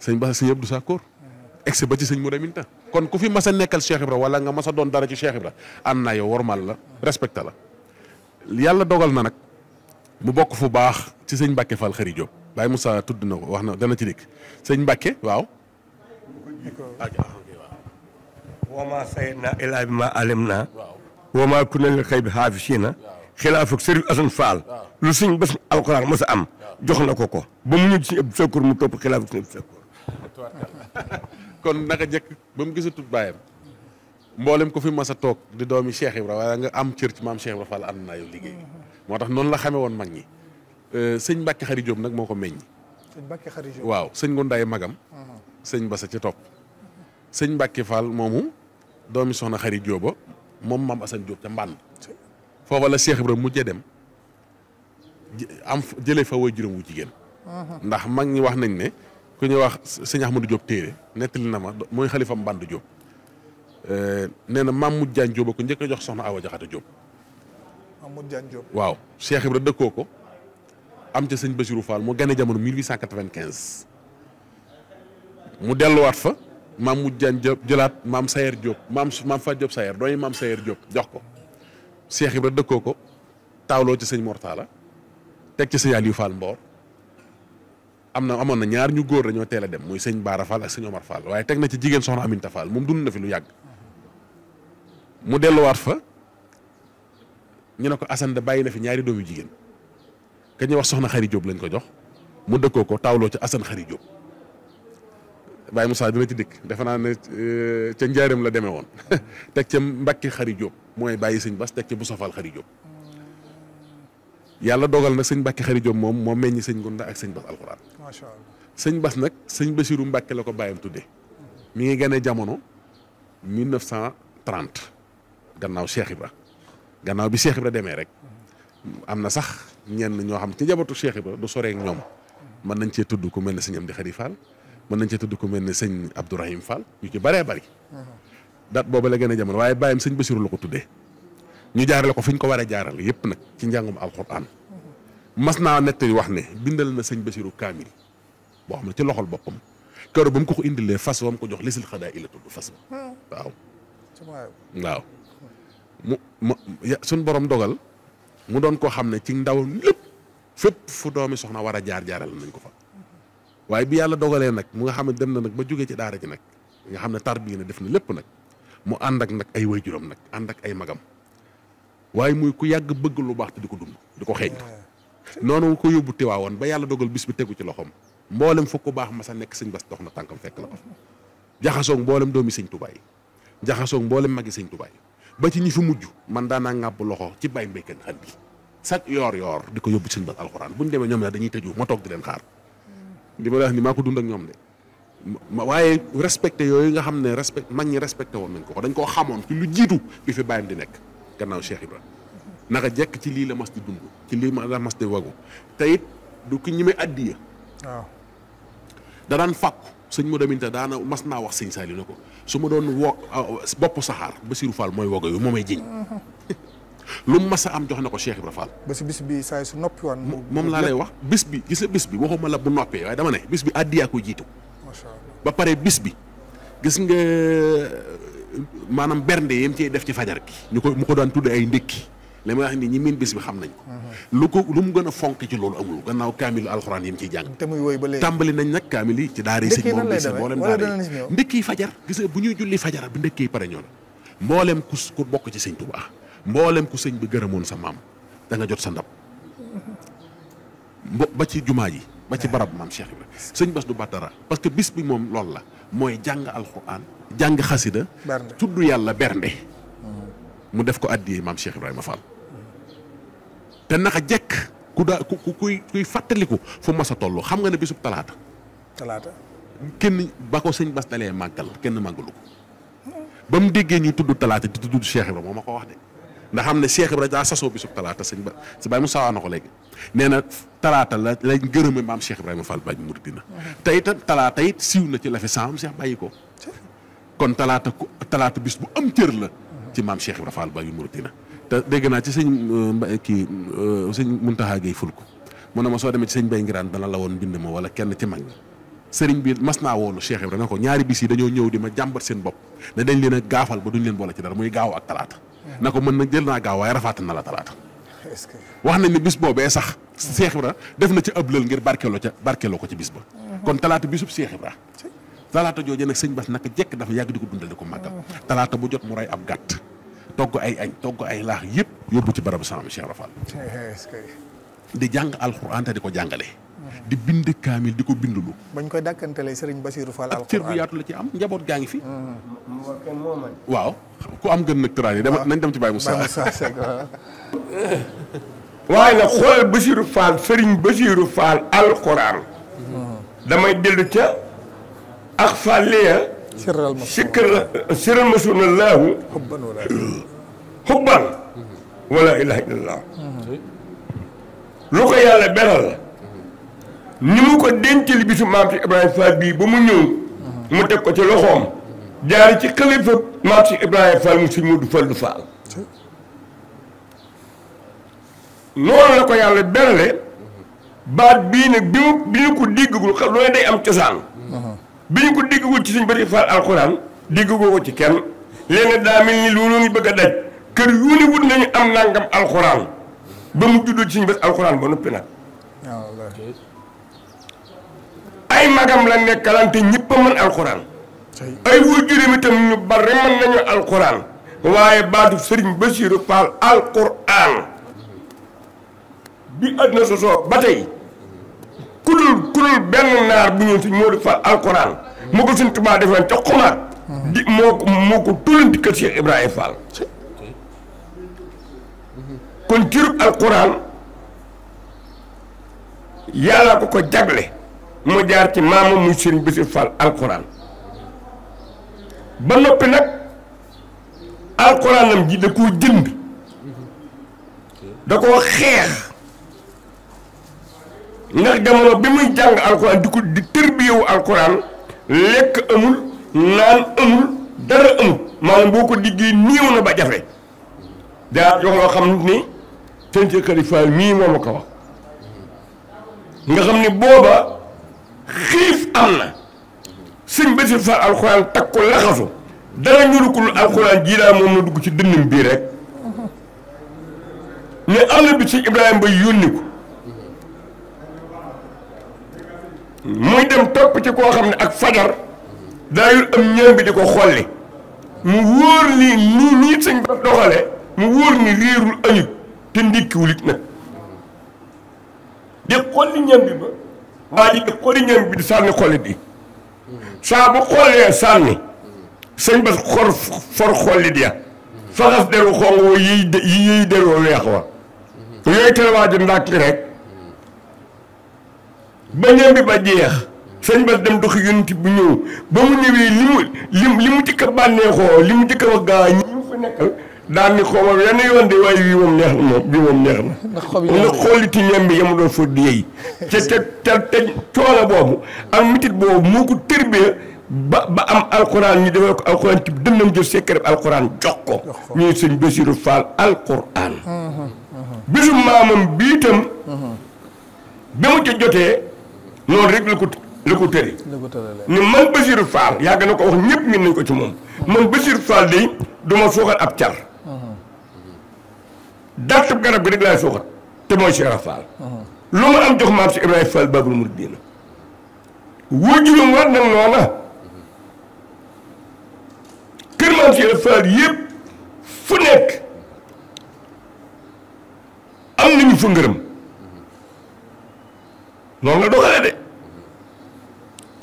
sëñ Bas Sëñ Abdou Sakkour mhm. egsi ba ci sëñ Modou Minta kon ku fi mas a nekkal Cheikh Ibra nga masa doon dara ci Cheikh Ibra ànd naa yow warmal la respecté la yàlla dogal na nag mu bokk fu baax ci sëñ Mbacke Fall Xëri Diop Baye Moussa tudd na ko wax na dana ci dikk sëñ Mbacke waaw. wama sayidna ilaa bi ma alim na wama ku na li xëy bi xaafisina xilaafuk sëriñ Faal lu sëñ bés alxuraan mas a am jox na ko ko ba mu ñëw ci Abdou Sakkour mu topp xilaafuk sëriñ kon nag a jëkk ba mu gisatut baayam mboolem ko fi mas a toog di doomi Cheikh Ibra waaye nga am cër ci maam Cheikh Ibra Fall ànd moo tax noonu la xame woon mag ñi euh, sëñ Mbàkke Xari Jóob nag moo ko meññ sëñ waaw sëñ Ngundaay magam sëñ Basa ci topp sëñ Mbàkke Fall moomu doomi soxna Xari Jóoba moom maam Asan Jóob ca mbànd foofa la Cheikh mu mujjee dem am jëlee fa way juróom wu jigéen ndax mag ñi wax nañ ne ku ñuy wax sëñ Ahmadou Diop téere nettali na ma mooy xalifam Mbànd Diop eh, nee na Mamoud Diagne Diop ko njëkk jox soxna Awa Jaxate Diop. Mamoud waaw Cheikh Ibra dëkkoo ko am ca sëñ Bachirou Fall mu gane jamono 1895 mu delluwaat fa maam Mamoud Diagne Diop jëlaat maam Sayer Diop maam maam Fatou Diop Sayer doy maam Sayer Diop jox ko Cheikh Ibra dëkkoo ko taawloo ci sëñ Mortala teg ci sëñ Aliou Fall Mbor. am na amoon na ñaar ñu góor dañoo teel a dem muy sëñ Baara Fall ak sëñ Omar Fall waaye teg na ci jigéen soxna Aminta Fall moom dund na fi lu yàgg mu delluwaat fa ñu ne ko Assane da bàyyi na fi ñaari doom yu jigéen ka wax soxna Xari jóob lañ ko jox mu dëkkoo ko taawloo ca Assane Xari Diop Baye Moussa dina ci dikk defe naa ne euh, ca njaareem la demee woon teg ca mbakki Xari jóob mooy bàyyi sëñ Bas teg ca bu Fall Xari Diop yàlla dogal nag sëñ Mbàkke xari Jóob moom moo meññi sëñ Ngunda ak sëñ Bas alxuraan. macha allah sëñ Bas nag sëñ Basiru Mbàkke la ko bàyyam tuddee. mi ngi gane jamono 1930 gannaaw Cheikh Ibra gannaaw bi Cheikh Ibra demee rek am na sax ñenn ñoo xam ci njabootu Cheikh Ibra du soree ak ñoom mën nañ cee tudd ku mel ne sëñ Amdi Xadi Fall mën nañ cee tudd ku mel ne sëñ Abdourahim Fall ñu ci bëree bëri. date boobu la gane jamono waaye bàyyam sëñ Basiru la ko tuddee. ñu jaarale ko fi ñu ko war a jaarale yëpp nag ci njàngum alxuraan mas naa nettali wax ne bindal na sëñ Basiru kaamil boo xam ne ci loxol boppam kër ba mu ko ko indilee fas ko jox lisil xadaa ila tudd fas wa hmm. waaw waaw mu mu suñ borom dogal mu doon koo xam ne ci ndawam lépp fépp fu doomi soxna war a jaar jaarale nañ ko fa waaye bi yàlla dogalee nag mu nga xam ne dem na nag ba jóge ci daara ji nag nga xam ne tarbiya na def na lépp nag mu ànd ak nag ay waajuram nag ànd ak ay magam waaye muy ku yàgg bëgg lu baax te di ko dund di ko xeeñ noonu ko yóbbu tiwaawoon ba yàlla dogal bis bi tegu ci loxoom mboolem fukk ku baax ma sa nekk sëñ bas dox na tànkam fekk la ko jaxasoog mboolem doomi sëñ tubaay jaxasoog mboolem magi sëñ tubaay ba ci ñi fi mujj man daanaa ngàbb loxo ci bay mbéykan xan bi sax yoor yoor di ko yóbbu sëñ bas alxuraan bu ñu demee ñoom ne dañuy tëju ma toog di leen xaar di ma wax ni maa ko dund ak ñoom de waaye respecte yooyu nga xam ne respect mag ñi respecté woon nañ ko dañ koo xamoon ci lu jiitu bi fi di nekk gannaaw Cheikh Ibra naka jekk ci lii la mas di dund ci lii la mas di wagu te it du ki ñi may addiya waaw da daan fàkku sëñ mu deminta daana mas naa wax sëñ Saliou ne ko su ma doon wo ah, bopp saxaar Bassirou Fall mooy wogo yu moo may jiñ lu mas a am jox na ko Cheikh Ibra Fall ba si bis bi saa su noppi woon moom laa lay wax bis bi gis la bis bi waxuma la bu noppee waaye dama ne bis bi addiyaa ko jiitu ba pare bis bi gis nga maanaam bernde yem cee def ci fajar gi ñu ko mu ko daan tudde ay ndékki li may wax ni ñi miin bis bi xam nañ ko mhm. lu ko lu mu gën a fonk ci loolu amul gannaaw kaamilu alxuraan yi mu ciy jàng te muy woy ba léegi tàmbali nañ nag kaamil yi ci daara yi sëñ moom gis mboolem fajar bu ñuy julli fajar bu ndékki pare ñoo la mboolem ku ku ci sëñ Tuubaa mboolem ku sëñ bi gërëmoon sa maam da nga jot sa ndab mbo ba ci jumaa yi ba ci eh. barab maam Cheikh Ibrahima sëñ Bass du Badara parce que bis bi moom loolu la mooy jàng alxuraan jàng xasida tudd yàlla bernde mu def ko àddiyee maam Cheikh Ibrahima Fall te naka jekk ku daa ku kuy kuy fàttaliku fu mas a toll xam nga ne bisub talaata talaata kenn ba sëñ bas dalee màggal kenn màggalu ko déggee ñuy tudd talaata di tudd Cheikh Ibrahima moo ma ko wax de ndax xam ne Cheikh Ibrahima daa sasoo sëñ ba si bàyyi mu sawaa na ko léegi nee na talaata la lañ gërëme maam Cheikh Ibrahima Fall siiw na ci la fi saam Cheikh bàyyi ko kon talaata ku talaata bis bu am cër la ci maam Cheikh Ibra Fall Bayu Muritina te dégg naa ci sëñ euh, Mbaye kii euh, sëñ Muntaxa Gay Fulku mu na ma soo demee ci sëñ Bay Ngiraan dana la woon mbind ma wala kenn ci mag ñi sëriñ bi mas naa woolu Cheikh Ibra ne ko ñaari bis yi dañoo ñëw di ma jàmbat seen bopp ne dañ leen a gaafal ba duñ leen boole ci dara muy gaaw ak talaata na ko mën na jël naa gaaw waaye rafaatan na la talaata wax nañ ne bis boobee sax Cheikh Ibra def na ci ëblal ngir barkeloo ca barkeloo ko ci bis ba kon talaata bisub Cheikh Ibra talaata jooju nag sëñ Bass naka jekk dafa yàgg di ko dundal ko màggal mm-hmm. talaata bu jot mu rey ab gàtt togg ay añ togg ay laax yëpp yóbbu ci barabu Sëñ Cheikh Rafal di jàng alxuraan te di ko jàngale mm-hmm. di bind kaamil di ko bind bindulu bañ koy dàkkantalee Serigne Bassirou Fall alxuraan la ci am njaboot gaa ngi fi mm-hmm. waaw gën nag tëraani dama ah. nañ ci Baye Moussa waaye nag xool Bassirou Fall alxuraan damay dellu ca أخفى لي سر المسر سر المسر الله حبا ولا حبا ولا إله lu ko yàlla beral la ni mu ko dencal bisu maam si Ibrahima Fall bii ba mu ñëw mu teg ko ci loxoom jaar ci xalifa maam si Ibrahima Fall mu si Modou Fallu Fall noonu la ko yàlla berale baat bii nag bi mu bi ñu ko déggagul xam looy day am cosaan bi ñu ko déggagul ci suñ bëri faal alxuraan déggagoo ko ci kenn léegi daa mel ni loolu ngi bëgg daj kër yu ne wut nañu am nangam alxuraan ba mu juddoo ci suñ bés alxuraan ba noppi nag. ay magam la nekkalante ñëpp a mën alxuraan. ay waajuram itam ñu bari mën nañu alxuraan waaye baatu sëriñ Basiiru Faal alxuraan bi àdduna sosoo ba tey. ku dul ku dul benn naar bu ñuul si moo di fal alkoraan moo ko suñ tubaab defoon ca xumaar di moo ko moo kër Cheikh Ibrahima Fall kon cërub alkoraan yàlla ko ko jagle mu jaar ci maama muy sëriñ Bassirou Fall alkoraan ba noppi nag alkoraanam ji da koo jënd da koo xeex ndax jamono bi muy jàng alxuraan di ko di tërbiyewu alxuraan lekk amul naan amul dara amul maanaam boo ko diggee néew na ba jafe daa jox loo xam ni sëñ si xalifa mii moo ma ko nga xam ni booba xiif am na sëñ ba si far alxuraan takk ko laxasu dara ñurukul alxuraan jii daa moom na dugg ci dënnam bii rek ne am na bi si Ibrahima ba yónni ko muy dem topp ci koo xam ne ak fajar daayul am ñoom bi di ko xolli mu wóor ni nii nii sëñ ba doxale mu wóor ni réerul añut te ndikkiwul it nag di xolli ñam bi ba waa di xolli ñam bi di sànni xolli bi saa bu xollee sànni sëñ ba xor for xollit ya faxas deru xong wa yiy yiy deroo weex wa yooyu teel waa ji ndàkk ba ñambi ba jeex sëñ Bass dem doxi yonent bu ñëw ba mu ñëwee li mu li li mu jëkk a bànneexoo li mu jëkk a wax gaa ñi mu fa nekkal daan ni xoomam yenn yoon de waaye bii moom neex na moom bii moom neex na. ndax xob yi ndax xooliti ñambi yamu doon fa di yey. te te te te coono boobu ak mitit boobu moo ko tërbee ba ba am alxuraan ñu defal ko alxuraan ci dënnam jël secret alxuraan jox ko. ñuy sëñ Bassirou Fall alxuraan. Mm-hmm. Mm-hmm. bisu maamam bii itam. Mm-hmm. ba mu ca jotee. noonu rek la ko la ko tëri ni man Basiirou Fall yàgg na ko wax ñëpp min nañ ko ci moom man Basiirou Fall day duma suuxat ab car uh-huh. dartab garab gi rek laay suuxat te mooy Cheikh Fall uh-huh. lu ma am jox maam si Ibrahima Fall Babul Mouridina waajuram war nag noona kër maam si Fall yëpp fu nekk am nañu fa noonu la doxalee de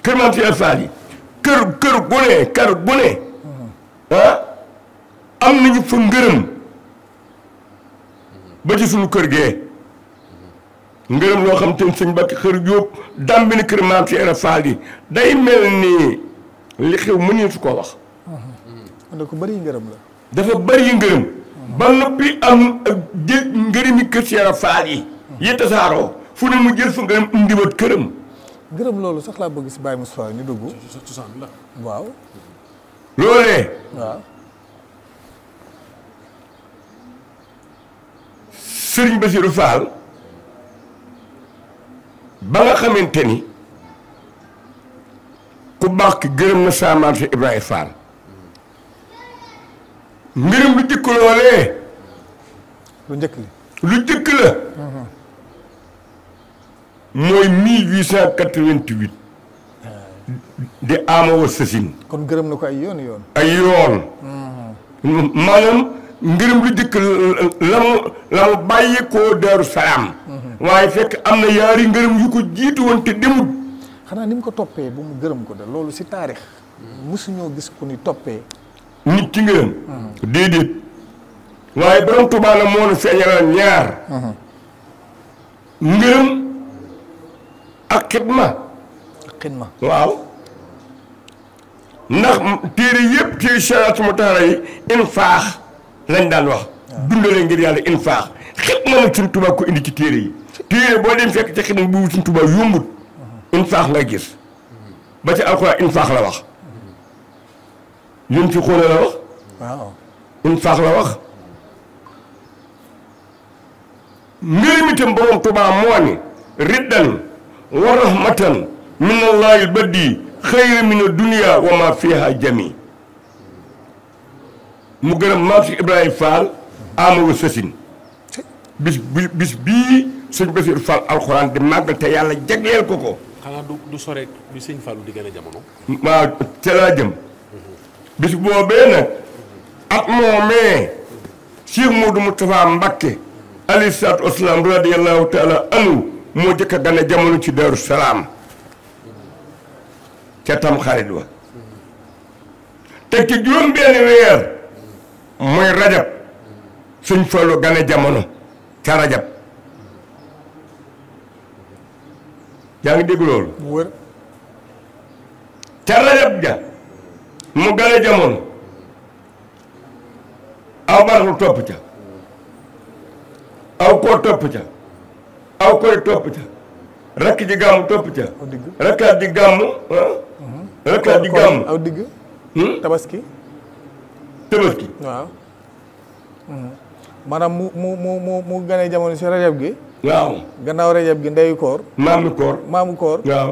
kër maam Cheikh Fall yi kër kër kër gu ne ah am nañu ngërëm ba ci suñu kër gee ngërëm loo xam te sëñ suñ bakk xër yóob dàmbi ni kër maam Cheikh Fall yi day mel ni li xew mënee su ko wax. kon ko bëri ngërëm la. dafa bëri ngërëm. ba noppi am ngërëmi kër Cheikh Fall yi. yi tasaaroo. fu ne mu jël fa nga ndiwat këram. gërëm loolu sax laa bëgg si Baye Moustapha ñu dugg. waaw. loolee. waaw. Serigne Bassirou Fall ba nga xamante ni ku baax ki gërëm na saamaam si Ibrahima Fall. mbirum lu jëkk loolee. lu jëkk la. Hmm. mooy 1888 di Amawa Sassine. kon gërëm na ko ay yoon yoon. ay yoon. maanaam ngërëm lu jëkk la mu la mu bàyyi koo Daaru waaye fekk am na yaari ngërëm yu ko jiitu woon te demut. xanaa ni mu ko toppee bu mu gërëm ko de loolu si taarix. mosuñoo gis ku ni toppee. nit ci ngërëm. déedéet. waaye borom Tuubaa la moo nu feeñalal ñaar. ngërëm. ak xidma xidma waaw ndax téere yëpp téere shariat mu taxara yi infaax lañ daan wax dundale ngir yàlla infaax xidma nag suñ tubaab ko indi ci téere yi téere boo dem fekk ci xidma bu suñ tubaab yombut infaax nga gis ba ci alxuraan infaax la wax yun la wax waaw infaax la wax mbir mi tam borom tubaab moo riddan wa rahmatan min allahi baddi xayra min adunia wa ma fiha jami mu gën maam si Ibrahima Fall amawu sësin bis bi bis bii sëñ Basiru Fall alxuraan di màggal te yàlla jagleel ko ko waaw ca jëm bis boobee nag ak moomee Cheikh Modou Moustapha Mbacké alayhi salaatu wasalaam radiyallahu taala anhu moo jëkk a gane jamono ci Daaru Salaam ca tam xarit wa teg ci juróom benn weer mooy rajab sëñ Fallu gane jamono ca rajab yaa ngi dégg ja mu gane jamono aw baraxlu topp ca aw koo topp ca aw koy topp ca rakk ji gàmm topp ca rakkaat ji gàmm rakkaat ji gàmm aw digg ah. hmm? tabaski tabaski waaw hmm. maanaam mu mu mu mu mu gane jamono si rajab gi waaw gannaaw rajab gi ndeyu koor maamu koor maamu koor waaw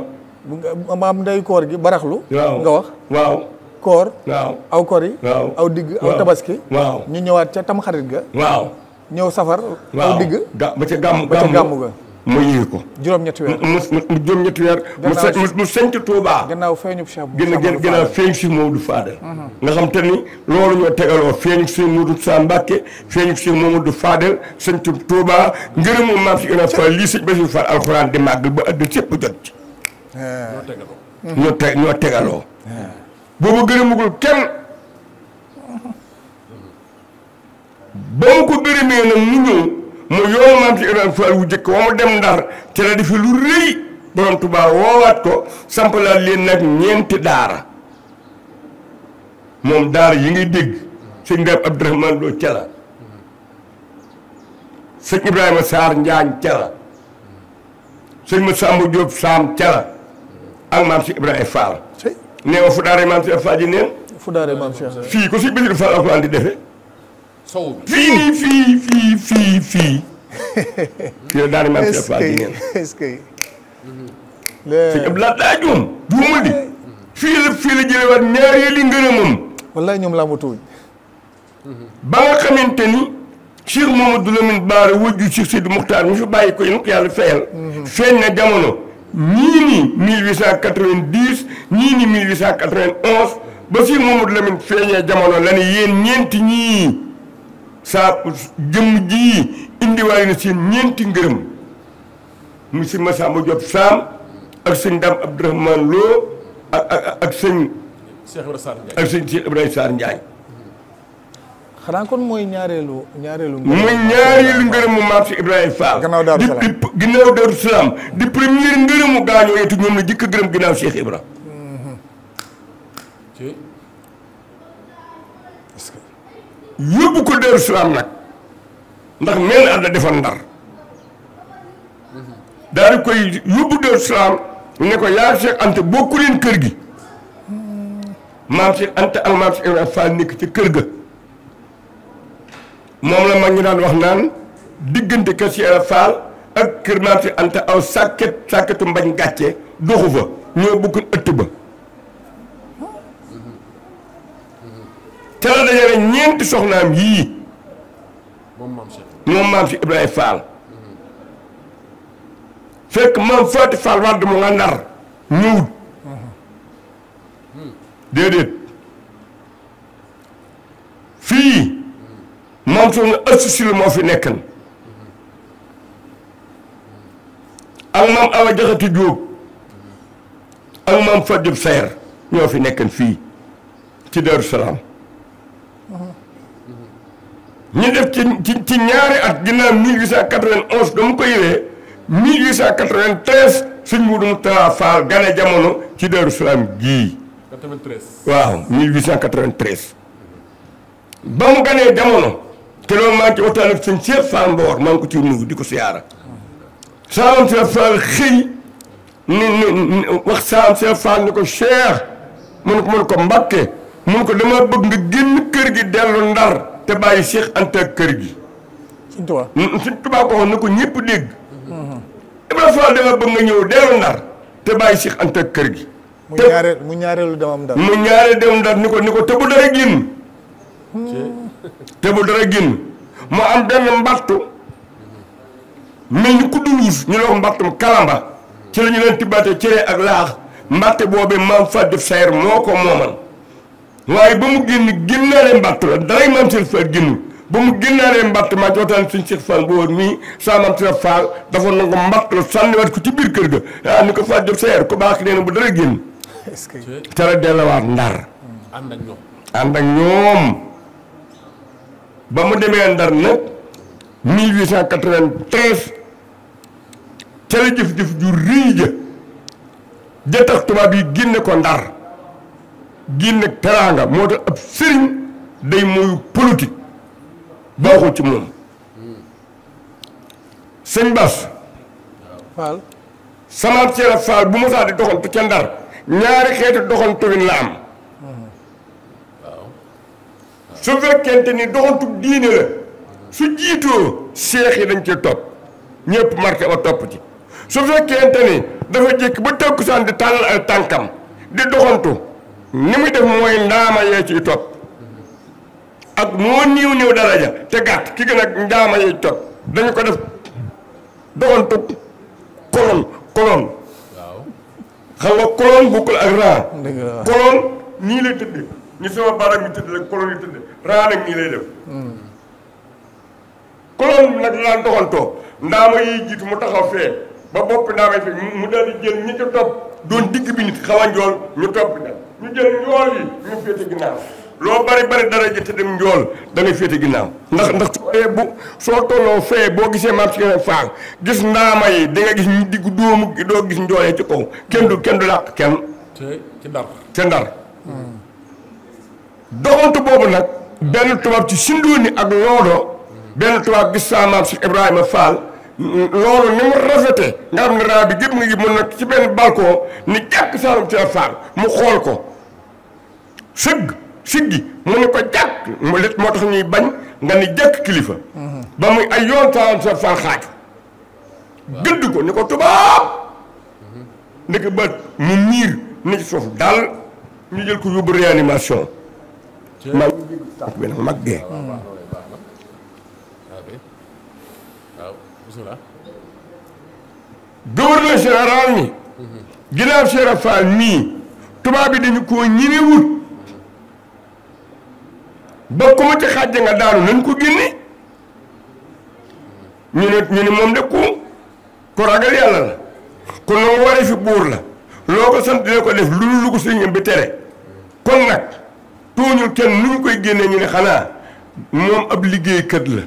maam ndeyu koor gi baraxlu waaw nga wax waaw koor waaw aw kori aw digg aw tabaski waaw ñu ñëwaat ca tam xarit ga waaw ñëw safar. waaw digg ga ba ca gàmm ba ca gàmm ga. mu yii ko. juróom-ñetti weer mu juróom-ñetti weer. mu sënc Touba. gannaaw feeñu Cheikh Moudou Fadel gannaaw mhm. nga xam te ni loolu ñoo tegaloo feeñ si Moudou Sa Mbacke feeñ si Moudou Fadel sënc Touba ngërëmu maam si Ibra Fall lii ba Bassirou Fall alxuraan di màgg ba àddina sépp jot ci. Eh. ñoo tegaloo ñoo tegaloo. Eh. boobu gërëmugul kenn. ba mu ko gërëmee nag mu ñëw mu yoonu maam ci Ibrahima Fall wu jëkk wa mu dem Ndar ci la defi lu rëy borom Tuubaa woowaat ko sampalaat leen nag ñeenti daara moom daara yi ngay dégg sëñ Ndaam Abdourahmane Lo ca la sëñ Ibrahima Sarr Njaañ ca la sëñ Masamba Diop Saam ca ak maam si Ibrahima Fall nee fu daara maam si Fall ji neen fu daara maam si fii ko si Basiru Fall alxuraan di defe sow bi fii fii fii fii fii. yow daal la est-ce que est-ce daa juum juumul fii la fii la jëlee waat ñaareeli ngërëmam. wallaay ñoom làmbatuwuñ. ba nga xamante ni. Cheikh Mamadou Lamine Bara wëjju Cheikh Sidi Mokhtar mi fi bàyyi ko yéen ko yàlla fayal. Mhm. feeñ na jamono ñii ni 1890 ñii ni 1891 ba Cheikh Mamadou Lamine feeñee jamono la ne yéen ñeenti ñii. saa jëmm jii indiwaay na seen ñeenti ngërëm mu si Masamba Diop Saam ak sëñ Dame Abdourahmane Lo ak ak ak sëñ. Cheikh Ibrahima ak sëñ Cheikh Ibrahima Sarr xanaa kon mooy ñaareelu ñaareelu. mooy ñaareelu ngërëmu maam si Ibrahima Fall. gannaaw Daaru Salaam di di ginnaaw Daaru Salaam di premier ngërëmu gaañoo yetu ñoom la jëkk gërëm ginnaaw Cheikh Ibrahima. yóbbu ko Daaru Salaam nag ndax mel at la defoon ndar daal di koy yóbbu Daaru Salaam ne ko yaa Cheikh Anta bokku leen kër gi maam Cheikh ant ak maam Cheikh Ibrahima Fall nekk ci kër ga moom la mag ñu daan wax naan diggante kër Cheikh Ibrahima Fall ak kër maam Cheikh Anta aw sàkket sàkketu mbañ gàcce doxu fa ñoo bokkul ëtt ba ca la dajale ñeenti soxnaam yii moom maam si Ibrahima Fall fekk maam Faati Fall wadd mu nga ndar ñëwut déedéet fii maam soxna Assu Sylla moo fi nekkan ak maam Awa Jaxate Jóob ak maam Faat Jóob Sayer ñoo fi nekkan fii ci Daaru Salaam ñu def ci ci ci ñaari at ginnaaw 1891 dama ko yëlee 1893 suñ Moudou Moustapha Fall gane jamono ci Darou Salaam gii. 93 waaw 1893. ba mu ganee jamono. te loolu maa ngi ci waxtaan ak sëñ Cheikh Fall Mbor maa ngi ko ci nuyu di ko siyaara. Salam Cheikh Fall xëy ni ni wax Salam Cheikh Fall ni ko Cheikh mun ko mun ko Mbàkke mun ko dama bëgg nga génn kër gi dellu Ndar. te bàyyi Cheikh Anta kër gi. suñ tubaab mm, ko waxoon na ko ñëpp dégg. Ibrahima Fall dama bëgg nga ñëw dellu ndar te bàyyi Cheikh Anta ak kër gi. mu ñaareel mu ñaareelu demam ndar mu ñaareel demam ndar ni ko ni ko te bu dara génn. Hmm. te bu dara génn mu am benn mbattu mel ni kuddu wuus ñu la wax kalamba ci lañu ñu leen tibbaate cere ak laax mbatte boobee ma Fatou Diouf Sayer moo ko moomal. waaye ba mu génn génnaale mbàtt la daray maam Cheikh Fall génnul ba mu génnaale mbatt maa jootaan suñ Cheikh Fall bu woon mii saa maam Cheikh Fall dafa nangu mbàtt la sànniwaat ko ci biir kër ga ah ni ko Fall jot sa yar ko baax nee na bu dara génn. est-ce que ca la ndar. ànd ak ñoom ba mu demee ndar nag 1893 ca la jëf-jëf ju rëy ja ja tax tubaab yi génne ko ndar. gi nag teraanga moo tax ab sëriñ day mooy politique baaxul ci moom sëñ Bass Fall sama Ceerno Fall bu mosaa di doxantu ca Ndar ñaari xeeti doxantu win la am su fekkente ni doxantu diine su jiitoo seex yi dañ cee topp ñëpp marqué ba topp ci su fekkente ni dafa jékki ba tëkkusaan di tàllal ay tànkam di doxantu ni muy def mooy ndaama yee ciy topp ak moo niiw niiw daraja te gàtt ki gën a ndaama yee ci topp dañu ko def doxantu kolon kolon xam nga kolon bokkul ak raa kolon nii lay tëdd ni sama baram yi tëdd rek kolon yi tëdd raa nag nii lay def kolon hmm. nag laan doxantoo ndaama yi jiitu mu taxaw fee ba bopp ndaama yi fekk mu daal di jël ñi topp doon digg bi nit xaw a njool ñu topp da ñu jël njool yi ñu féete ginnaaw loo bari bari dara ji dem njool da ngay féete ndax ndax soo bu soo tolloo fee boo gisee maam si faal gis ndaama yi di nga gis ñu diggu dóomu doo gis njoolee ci kaw kenn du kenn du làq kenn ci ndar ci ndar doxantu boobu nag benn tubaab ci sindooni ak loodo benn tubaab gis saa maam si Ibrahima Fall loolu ni mu rafete nga xam ne raa bi gépp nga ngi mën ci benn balcon ni jàkk Saloum Cheikh Fall mu xool ko sëgg siggi mu ne ko jàkk moo tax ñuy bañ nga ni jàkk kilifa mhm. ba muy ay yoon Saloum Cheikh Fall xaaju gëdd ko ni ko tubaab mhm. ndeke ba mu miir ni ci suuf daal ñu jël ko yóbbu réanimation mag dee gouverneur général ni ginnaaw Cheikh Ibra Fall mii tubaab yi dañu koo ñime wut ba ku ma ci nga daanu nañ ko génne ñu ne ñu ne moom de ku ku ragal yàlla la ku noo waree fi buur la loo ko sant dina ko def lu lu ko sëñ bi tere kon nag tooñul kenn nu ñu koy génnee ñu ne xanaa moom ab liggéey kët la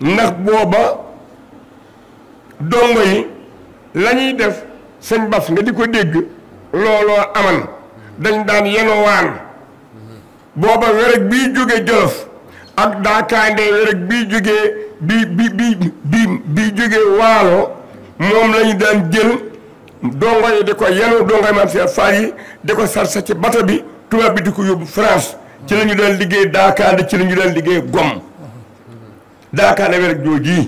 ndax booba dongo yi la ñuy def sëñ bas nga di ko dégg looloo aman dañ daan yenowaan booba wereg bii jóge Jolof ak daakaande wereg bii jógee bi bi bi bi bii jógee waalo moom lañu daan jël dongo yi di ko yenu dongo yi maam si faar yi di ko sa ci bato bi tubaab bi di ko yóbbu France ci lañu ñu daan liggéey daakaande ci la ñu daan liggéey gomm daakaane wér ak jooju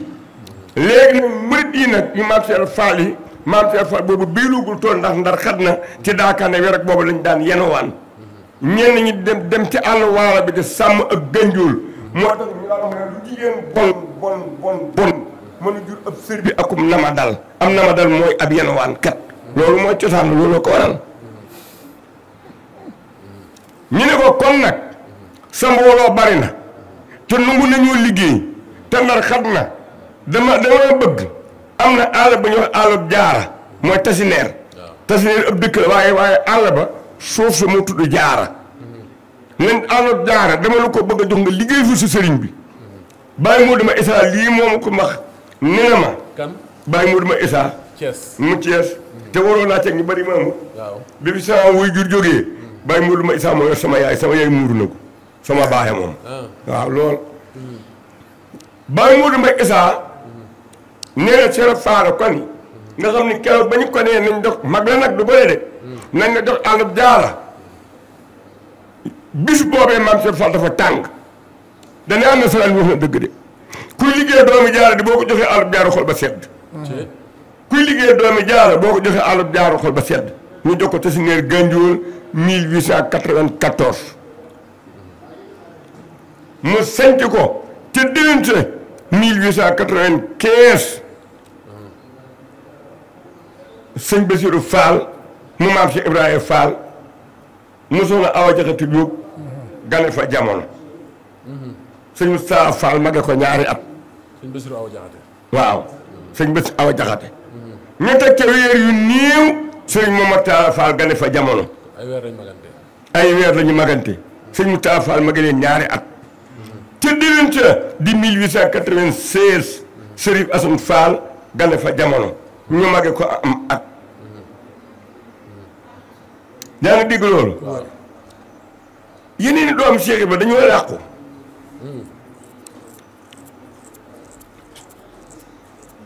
léegi nag murit yi nag ñu maam Cheikh Fall yi maam Cheikh Fall boobu biilugul tool ndax ndar xat na ci daakaane wér boobu lañ daan yenowaan ñenn ñi dem dem ci àll waala bi di sàmm ak gënjool moo tax ñu daan jur ab sër bi akum nama dal am nama dal mooy ab yenowaan kat loolu mooy cosaan loolu ko waral ñu ne ko kon nag sa mbooloo bari na te nangu nañoo liggéey te ndar xat na dama dama bëgg am na àll ba ñuy wax jaara mooy tasineer tasineer ëpp dëkk waaye waaye àll ba suuf sa moo tudd jaara nen àllub jaara dama la ko bëgg a jox nga liggéey fi si sëriñ bi bàyyi moo dama isaa lii moomu ko max nee na ma bàyyi moo dama isaa mu Cees te waroon naa ceeg ñu bari maamu bi fi sama wuy jur jógee bàyyi moo dama isaa moo sama yaay sama yaay muuru ko sama baaxe moom ah. lool hmm. Baye Modou Mbaye Issa nee na Serap Faala kon nga xam ni keroog ba ñu ko nee nañ dox mag la nag du bëre de nañ nga dox àll jaara bis boobee maam Serap Faal dafa tàng dana am na salal bi wax na dëgg de kuy liggéey doomu jaara di boo ko joxee àll jaara xol ba sedd kuy liggéey doomu jaara boo ko joxee àll jaara xol ba sedd ñu jox ko te tasineer Gandiol 1894 mu senc ko te déwénte 1895 sëñ Bassirou Fall mu maam Cheikh Ibrahima Fall mosoon na awa jaxati jóob gane fa jamono sëñ Moustapha Fall ma ko ñaari at. sëñ Bassirou awa jaxate. waaw sëñ Bassirou awa jaxate. ñett ak ca weer yu néew. sëñ Momar Talla Fall gane fa jamono. ay weer lañu magante. ay weer lañu magante sëñ Moustapha Fall ma gën ñaari at. ca déwén ca di 1896 Serigne Assane Fall gane fa jamono ñu mage ko am at yaa dégg loolu yeneen doom Cheikh ba dañoo làqu hmm.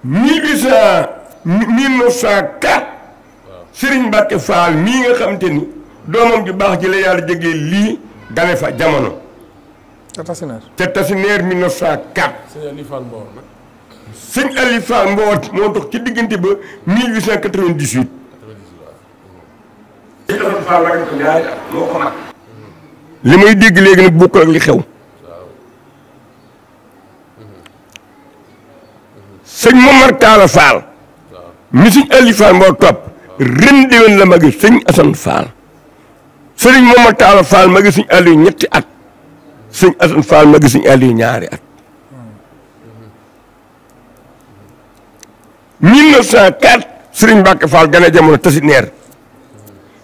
mille huit cent mii nga xam ni doomam ju baax ji yàlla jege lii gane fa jamono te tasineer te tasineer 1904. sëñ Aliou Fall Mbowar moo dox ci diggante ba 1898. 1898 moo ko li may dégg léegi nag bokkul ak li xew. sëñ Momar Talla Fall. mi sëñ Aliou Fall Mbowar topp. ren déwén la magi sëñ Assane Fall. sëriñ Momar Talla Fall magi sëñ Aliou ñetti at. sëñ Assane Fall ma gis sëñ Aliou ñaari at 1904 Serigne Mbacke Fall gane jamono tasi neer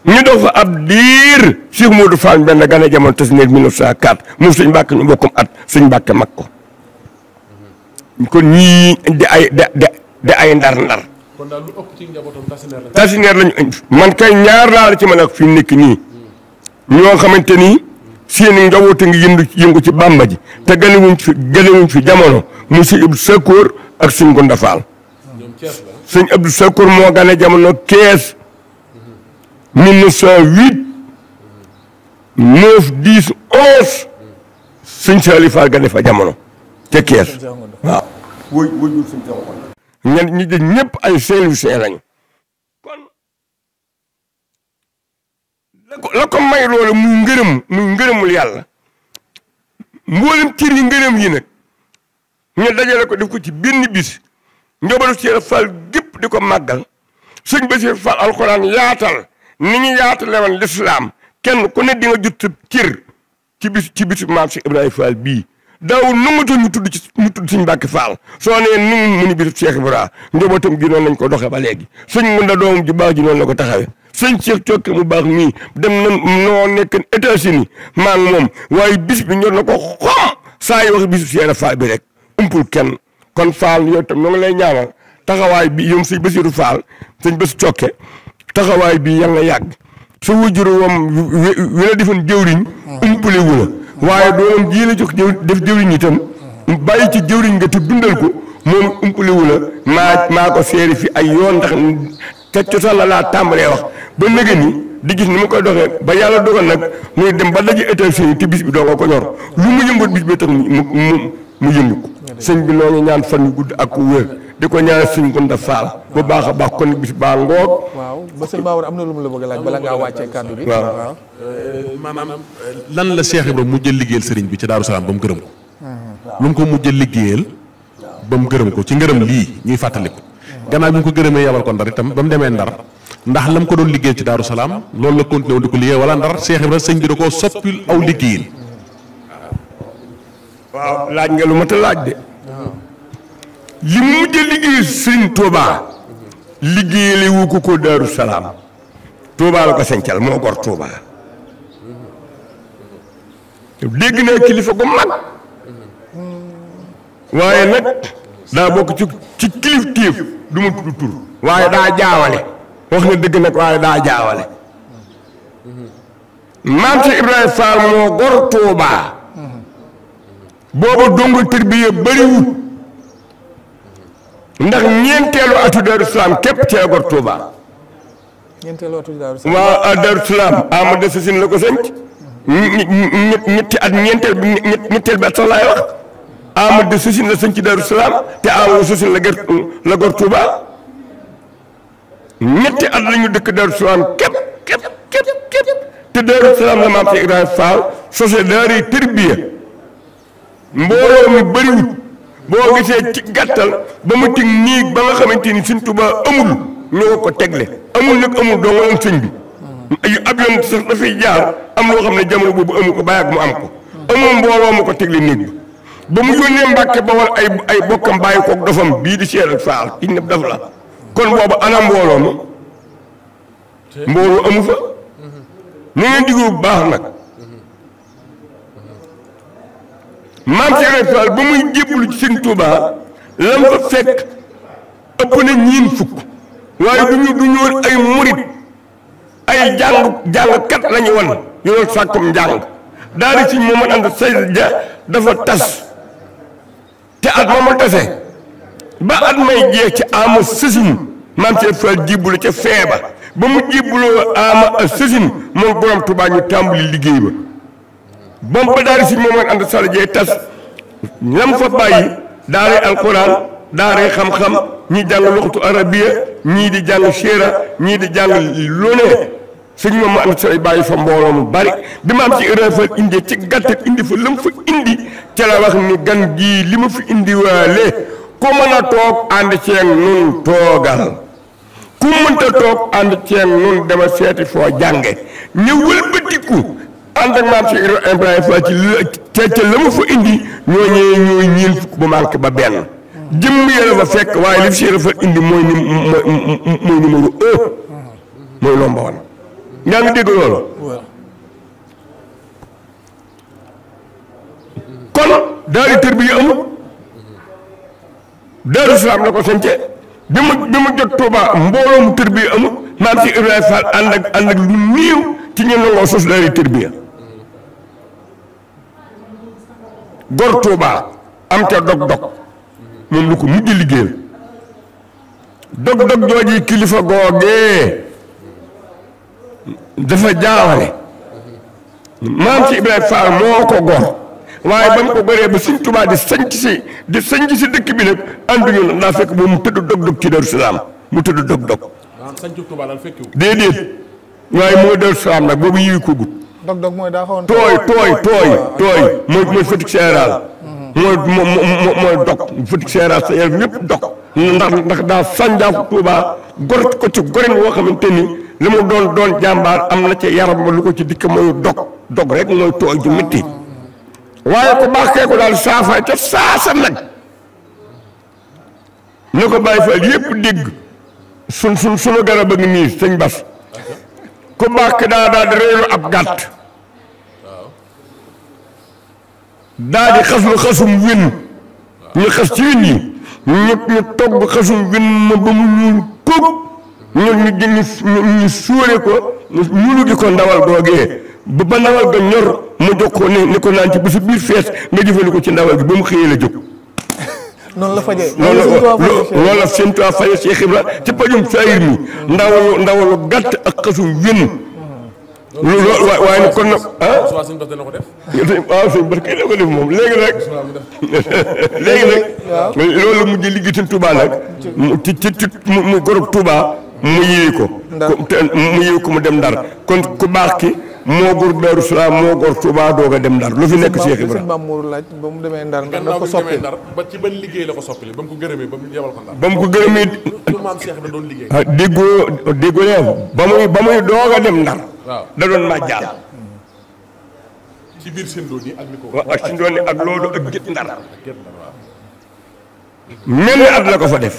ñu dox fa ab diir Cheikh Modou Fall benn gane jamono tasi neer 1904 moom sëñ Mbacke ñu bokkum at sëñ Mbacke mag ko kon ñii di ay di di ay ndar-ndar. kon daal lu ëpp ci njabootam lañu. tasineer man kay ñaar laa la ci mën a fi nekk nii ñoo xamante ni. seeni njaboot a ngi yëngu yëngu ci bàmba ji te ganewuñ fi ganewuñ jamono mu si Abdou Sakkoor ak suñ Gunda Faal sëñ Abdou moo gane jamono kees 1908 9 10 11 sëñ Saali Faal gane fa jamono ca kees waaw. wóoy ñi de ñëpp ay Saint-Louisien la ko may loolu muy ngërëm muy ngërëmul yàlla mboolem tiir yi ngërëm yi nag ñu dajale ko def ko ci benn bis njabaru Cheikh Fall gépp di ko màggal sëñ Bassirou Fall alxuraan yaatal ni ñu yaatale woon lislaam kenn ku ne di nga jot sa ci bis ci bisu maam si Ibrahima Fall bii daw nu mu ñu tudd ci ñu tudd suñu Mbàkke Faal soo nee nu mu ni bisu Cheikh Ibra njabootam gi noonu lañ ko doxee ba léegi suñ mun da doomam ji baax ji noonu la ko taxawee sëñ Cheikh Cokke mu baax mii dem na noo nekk États-Unis maa ngi moom waaye bis bi ñor na ko xom saa yi wax bisu Cheikh Faal bi rek umpul kenn kon Faal yow tam ñoo lay ñaanal taxawaay bi yow sëñ Basiru Faal sëñ Bas Cokke taxawaay bi yàlla yàgg sa wujuru wam wi la defoon jëwriñ hmm. umpule wu waaye doomam jii la jox def jëwriñ itam bàyyi ci jëwriñ nga te dundal ko moom umpaliwu maa maa ko seeri fi ay yoon ndax te cosaan la laa tàmbalee wax ba nëgë ni di gis ni ma koy doxee ba yàlla dogal nag muy dem ba daje état te bis bi doo ko ñor lu mu yëngoon bis bi tax mu mu mu yëngu sëñ bi noo ñaan fan yu gudd ak wér di ko ñaan sëñ Gunda Fall bu baax a baax kon bis baa ngoog waaw ba sëñ Maodo am na lu mu la bëgg laaj bala ngaa wàccee kàddu bi euh, maanaam euh, lan la Cheikh Ibrahima mu jël liggéeyal sëriñ bi ci Daaru Salaam ba mu gërëm ko mm-hmm. lu mu ko mujjee liggéeyal ba mu gërëm ko ci ngërëm lii ñuy fàttaliku gannaaw bi mu ko gërëmee yabal ko ndar itam ba mu demee ndar ndax la mu ko doon liggéeyal ci Daaru Salaam loolu la continué woon di ko liggéey wala ndar Cheikh Ibrahima sëñ bi da koo soppil aw liggéeyal laaj nga lu mat a laaj de. li mu mujj liggéey sëñ Touba. liggéeyale wu ko ko Daaru Salaam. la ko sencal moo gor Touba. dégg naa kilifa gu mag. waaye nag daa bokk ci ci kilifteef du tur. waaye daa jaawale. wax na dëgg nag waaye daa jaawale. maam ci Ibrahima Fall moo gor Touba. booba donga tarbiya bëriwut ndax ñeenteelu atu Daaru Salaam képp ci la gor Touba ñeenteelu atu Daaru Salaam waaw Daaru Salaam la ko sanc ñetti at ñeenteel bi ñetteel bi at sax laay wax Amadou Sassine la sanc Daaru te Amadou Sassine la gor la gor ñetti at lañu dëkk Daaru Salaam képp képp képp képp te Daaru la maam si Ibrahima Fall sosé daaree mbooloo mi bëriwut boo gisee ci gàttal ba mu tig nii ba nga xamante ni Sëñ Tuubaa amul ñoo ko tegle amul nag amul doo nga am sëñ bi ab yoon sax dafay jaar am loo xam ne jamono boobu amu mu am ko amul ko tegle néeg ba mu yónnee Mbàkke Bawol ay ay bokkam bàyyi koog dofam bii di seeral faal kiñ ne daf la kon boobu ana mbooloo ma mbooloo amu fa ñu ngeen diglu bu baax nag maam Cheikh Fall ba muy jébbalu ci sëñ Touba lam fa fekk ëpp na ñiin fukk waaye du ñu du ñu ay murit ay jàng jàngkat lañu woon yu doon sàkkum njàng daara si moom ànd say ja dafa tas te at ma ma tase ba at may jeex ci ama sësin maam ci Fall jébbalu ca feeba ba mu jébbaloo ama a sësin moom borom Touba ñu tàmbali liggéey ba bam ba daari si Momar Anta Sall jee tas lam fa bàyyi daaree alquran daaree xam-xam ñii jàng loxatu arabiya ñii di jàng séera ñii di jàng lone sëñ Momar Anta Sall bàyyi fa mbooloo mu bari bi ma ci réfal indi ci gàttal indi fa lam fa indi ca la wax ni gan gii li ma fi indi waale ku mën a toog ànd ceeg nun toogal ku mënta toog ànd ceeg nun dama seeti foo jànge ñëw wëlbatiku ànd ak maam Cheikh Ibrahima Fall ci te te la fa indi ñooñee ñooy ñiin bu manqué ba benn jëmm yële fa fekk waaye li fi Cheikh Fall indi mooy ni mooy numéro un ñaa ngi dégg loolu kon daari tër bi amul daaru salaam la ko sence bi mu bi mu jot Touba mbooloo mu tër maam ci Ibrahima Fall ànd ak ànd ak lu néew ci ñu nangoo sos daari tër bi gor Touba am ca dog-dog moom lu ko mujj liggéeyal dog-dog jooji kilifa googee dafa jaawale maam ci Ibrahima Fall moo ko gor waaye ba mu ko goree ba Sëñ Touba di sanc si di sanc si dëkk bi nag ànduñu nag daa fekk ba mu tëdd dog-dog ci Darou Salaam mu tëdd dog-dog déedéet waaye moo Darou Salaam nag boobu yiwi ko gut dog dog mooy daa xawoon tooy tooy tooy tooy mooy mooy fatigue cérébrale mm-hmm. mooy mooy dog fatigue cérébrale sa yaram yëpp dog ndax ndax daa sànjaaku Tuuba gorit ko ci gorin woo xamante ni li mu doon doon jàmbaar am na ci yaram ba lu ko ci dikk mooy dog dog rek mooy tooy ju métti mm-hmm. waaye ko baaxee ko daal saafara ca saasa nag ñu ko bàyyi fal yëpp dégg sun sun sunu garab a ngi nii sëñ Bas ku baax daa daal di réeru ab gàtt daa di xasum win ñu xas ci win yi ñu ñu togg xasum win ma ba mu ñuul kóob ñun ñu jël ñu suure ko ñulu ko ndawal googee ba ba ndawal ga ñor mu jox ko ne ni ko naan ci ba si biir fees nga jëfandikoo ci ndawal gi ba mu xëyee la jóg noonu la fajee loolu la seen tuwaa faje Cheikh Ibra ci pajum saayir mi ndawalu ndawalu gàtt ak xasum win loolu waaye nag kon nag ah waaw suñ bés dana ko def ah, ko def moom léegi nag léegi nag loolu mujj liggéeyam Touba nag mu ci ci mu gorog Touba mu yiwi ko mu yiwi ko mu dem ndar kon ku baax ki moo góor Daaru Salaam moo góor Touba doog dem Ndar lu fi nekk Cheikh Ibrahima ba mu demee Ndar da ko soppi ba ci ban liggéey la ko soppi ba mu ko gërëmee ba mu yebal ko Ndar ba mu ko gërëmee ah, déggoo déggoo leen ba muy ba muy doog a dem Ndar da doon màjjaal ci biir sindooni ak li ko ak sindooni ak loolu ak gét Ndar mel ni at la ko fa def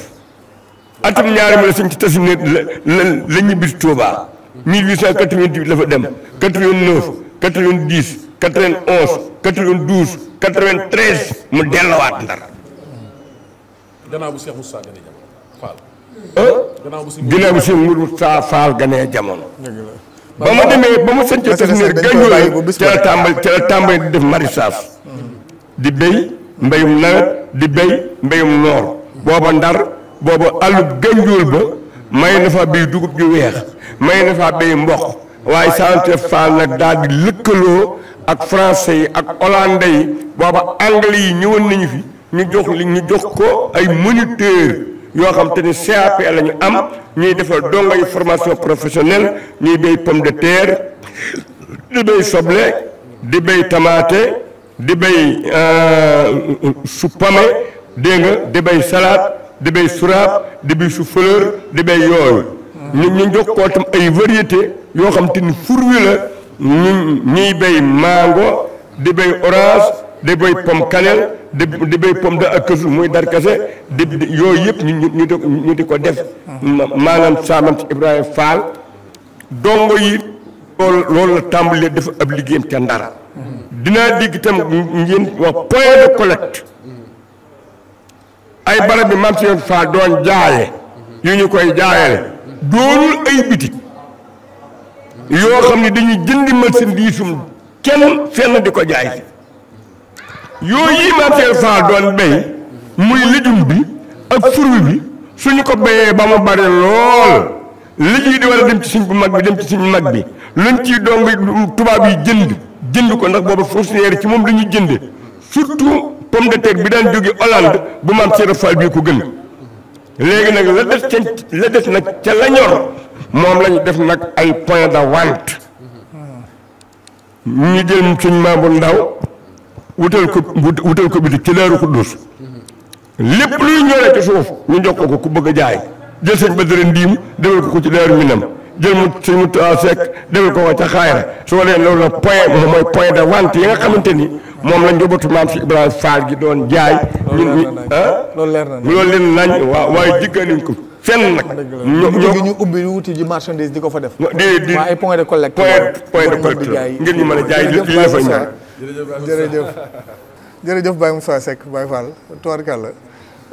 atum ñaari ma la suñ ci tasi la la ñibbi Touba 1888 la dafa dem 89 90 91 92 93 mu delluwaat ndar. gannaaw bu Cheikh Moussa Gane jamono. gannaaw bu Cheikh Moussa Fall Gane jamono. ba ma demee ba ma sëncee Kashmir gañoo ca la tàmbali ca la tàmbali di def maraîchage. di béy mbéyum nawet di béy mbéyum noor. booba ndar booba àllu gànjool ba. may na fa béy dugub ju weex may na fa béy mboq waaye Centre Fall nag daal lëkkaloo ak français yi ak hollandais yi booba anglais yi ñëwoon nañu fi ñu jox li ñu jox ko ay moniteur yoo xam te ni CAP la ñu am ñuy defal dongay formation professionnelle ñuy béy pomme de terre di béy soble di béy tamaate di béy euh, suppame dégg nga di béy di bay suraab di bay chou-fleur di bay yooyu ñu ñu jox koo tam ay variété yoo xam te ni fur wi la ñu ñuy bay mango di bay orange di bay pomme cannelle di di bay pomme de akasu muy darkase di yooyu yëpp ñu ñu ñu di ko def maanaam saamam ci ibrahim Fall dongo yi loolu loolu la tàmbalee dafa ab liggéeyam ca ndara dinaa dégg itam ngeen wax point de ay barab bi maam seen faal doon jaaye yu ñu koy jaayale doonul ay bitik yoo xam ne dañuy jëndi marchandisum kenn fenn di ko jaay si yooyu yi maam seen faal doon béy muy lijum bi ak furu bi suñu ko béyee ba mu bari lool liggéey di war a dem ci suñ bu mag bi dem ci suñ mag bi luñ ciy dong tubaab yi jënd jënd ko ndax booba fonctionnaire ci moom la jënd pomme de terre bi daan jóge Hollande bu maam Cheikh Fall bii ko gën léegi nag la des ca la des nag ca la ñor moom lañ def nag ay point de vente ñu jël suñ maamu ndaw wutal ko wutal ko biti ci Daaru Xuddus lépp lu ñoree ci suuf ñu jox ko ku bëgg a jaay jël sëñ ba Ndiim defal ko ko ci Daaru nam jël mu suñ mu euh, sekk defal ko ko ca xaayra su ko leen loolu la point mooy point de nga xamante ni moom la njobatu maam si Ibrahima gi doon jaay. ñun ñi loolu leer na ah, loolu leen nañ waaw waaye jikkaaniñ ko fenn nag. ñu ñu ubbi wuti ji marchandise di ko fa def. di ay point de collecte. point de collecte a jaay li la fa ñaan. jërëjëf jërëjëf Baye Moussa Seck Baye Fall tubaarkàlla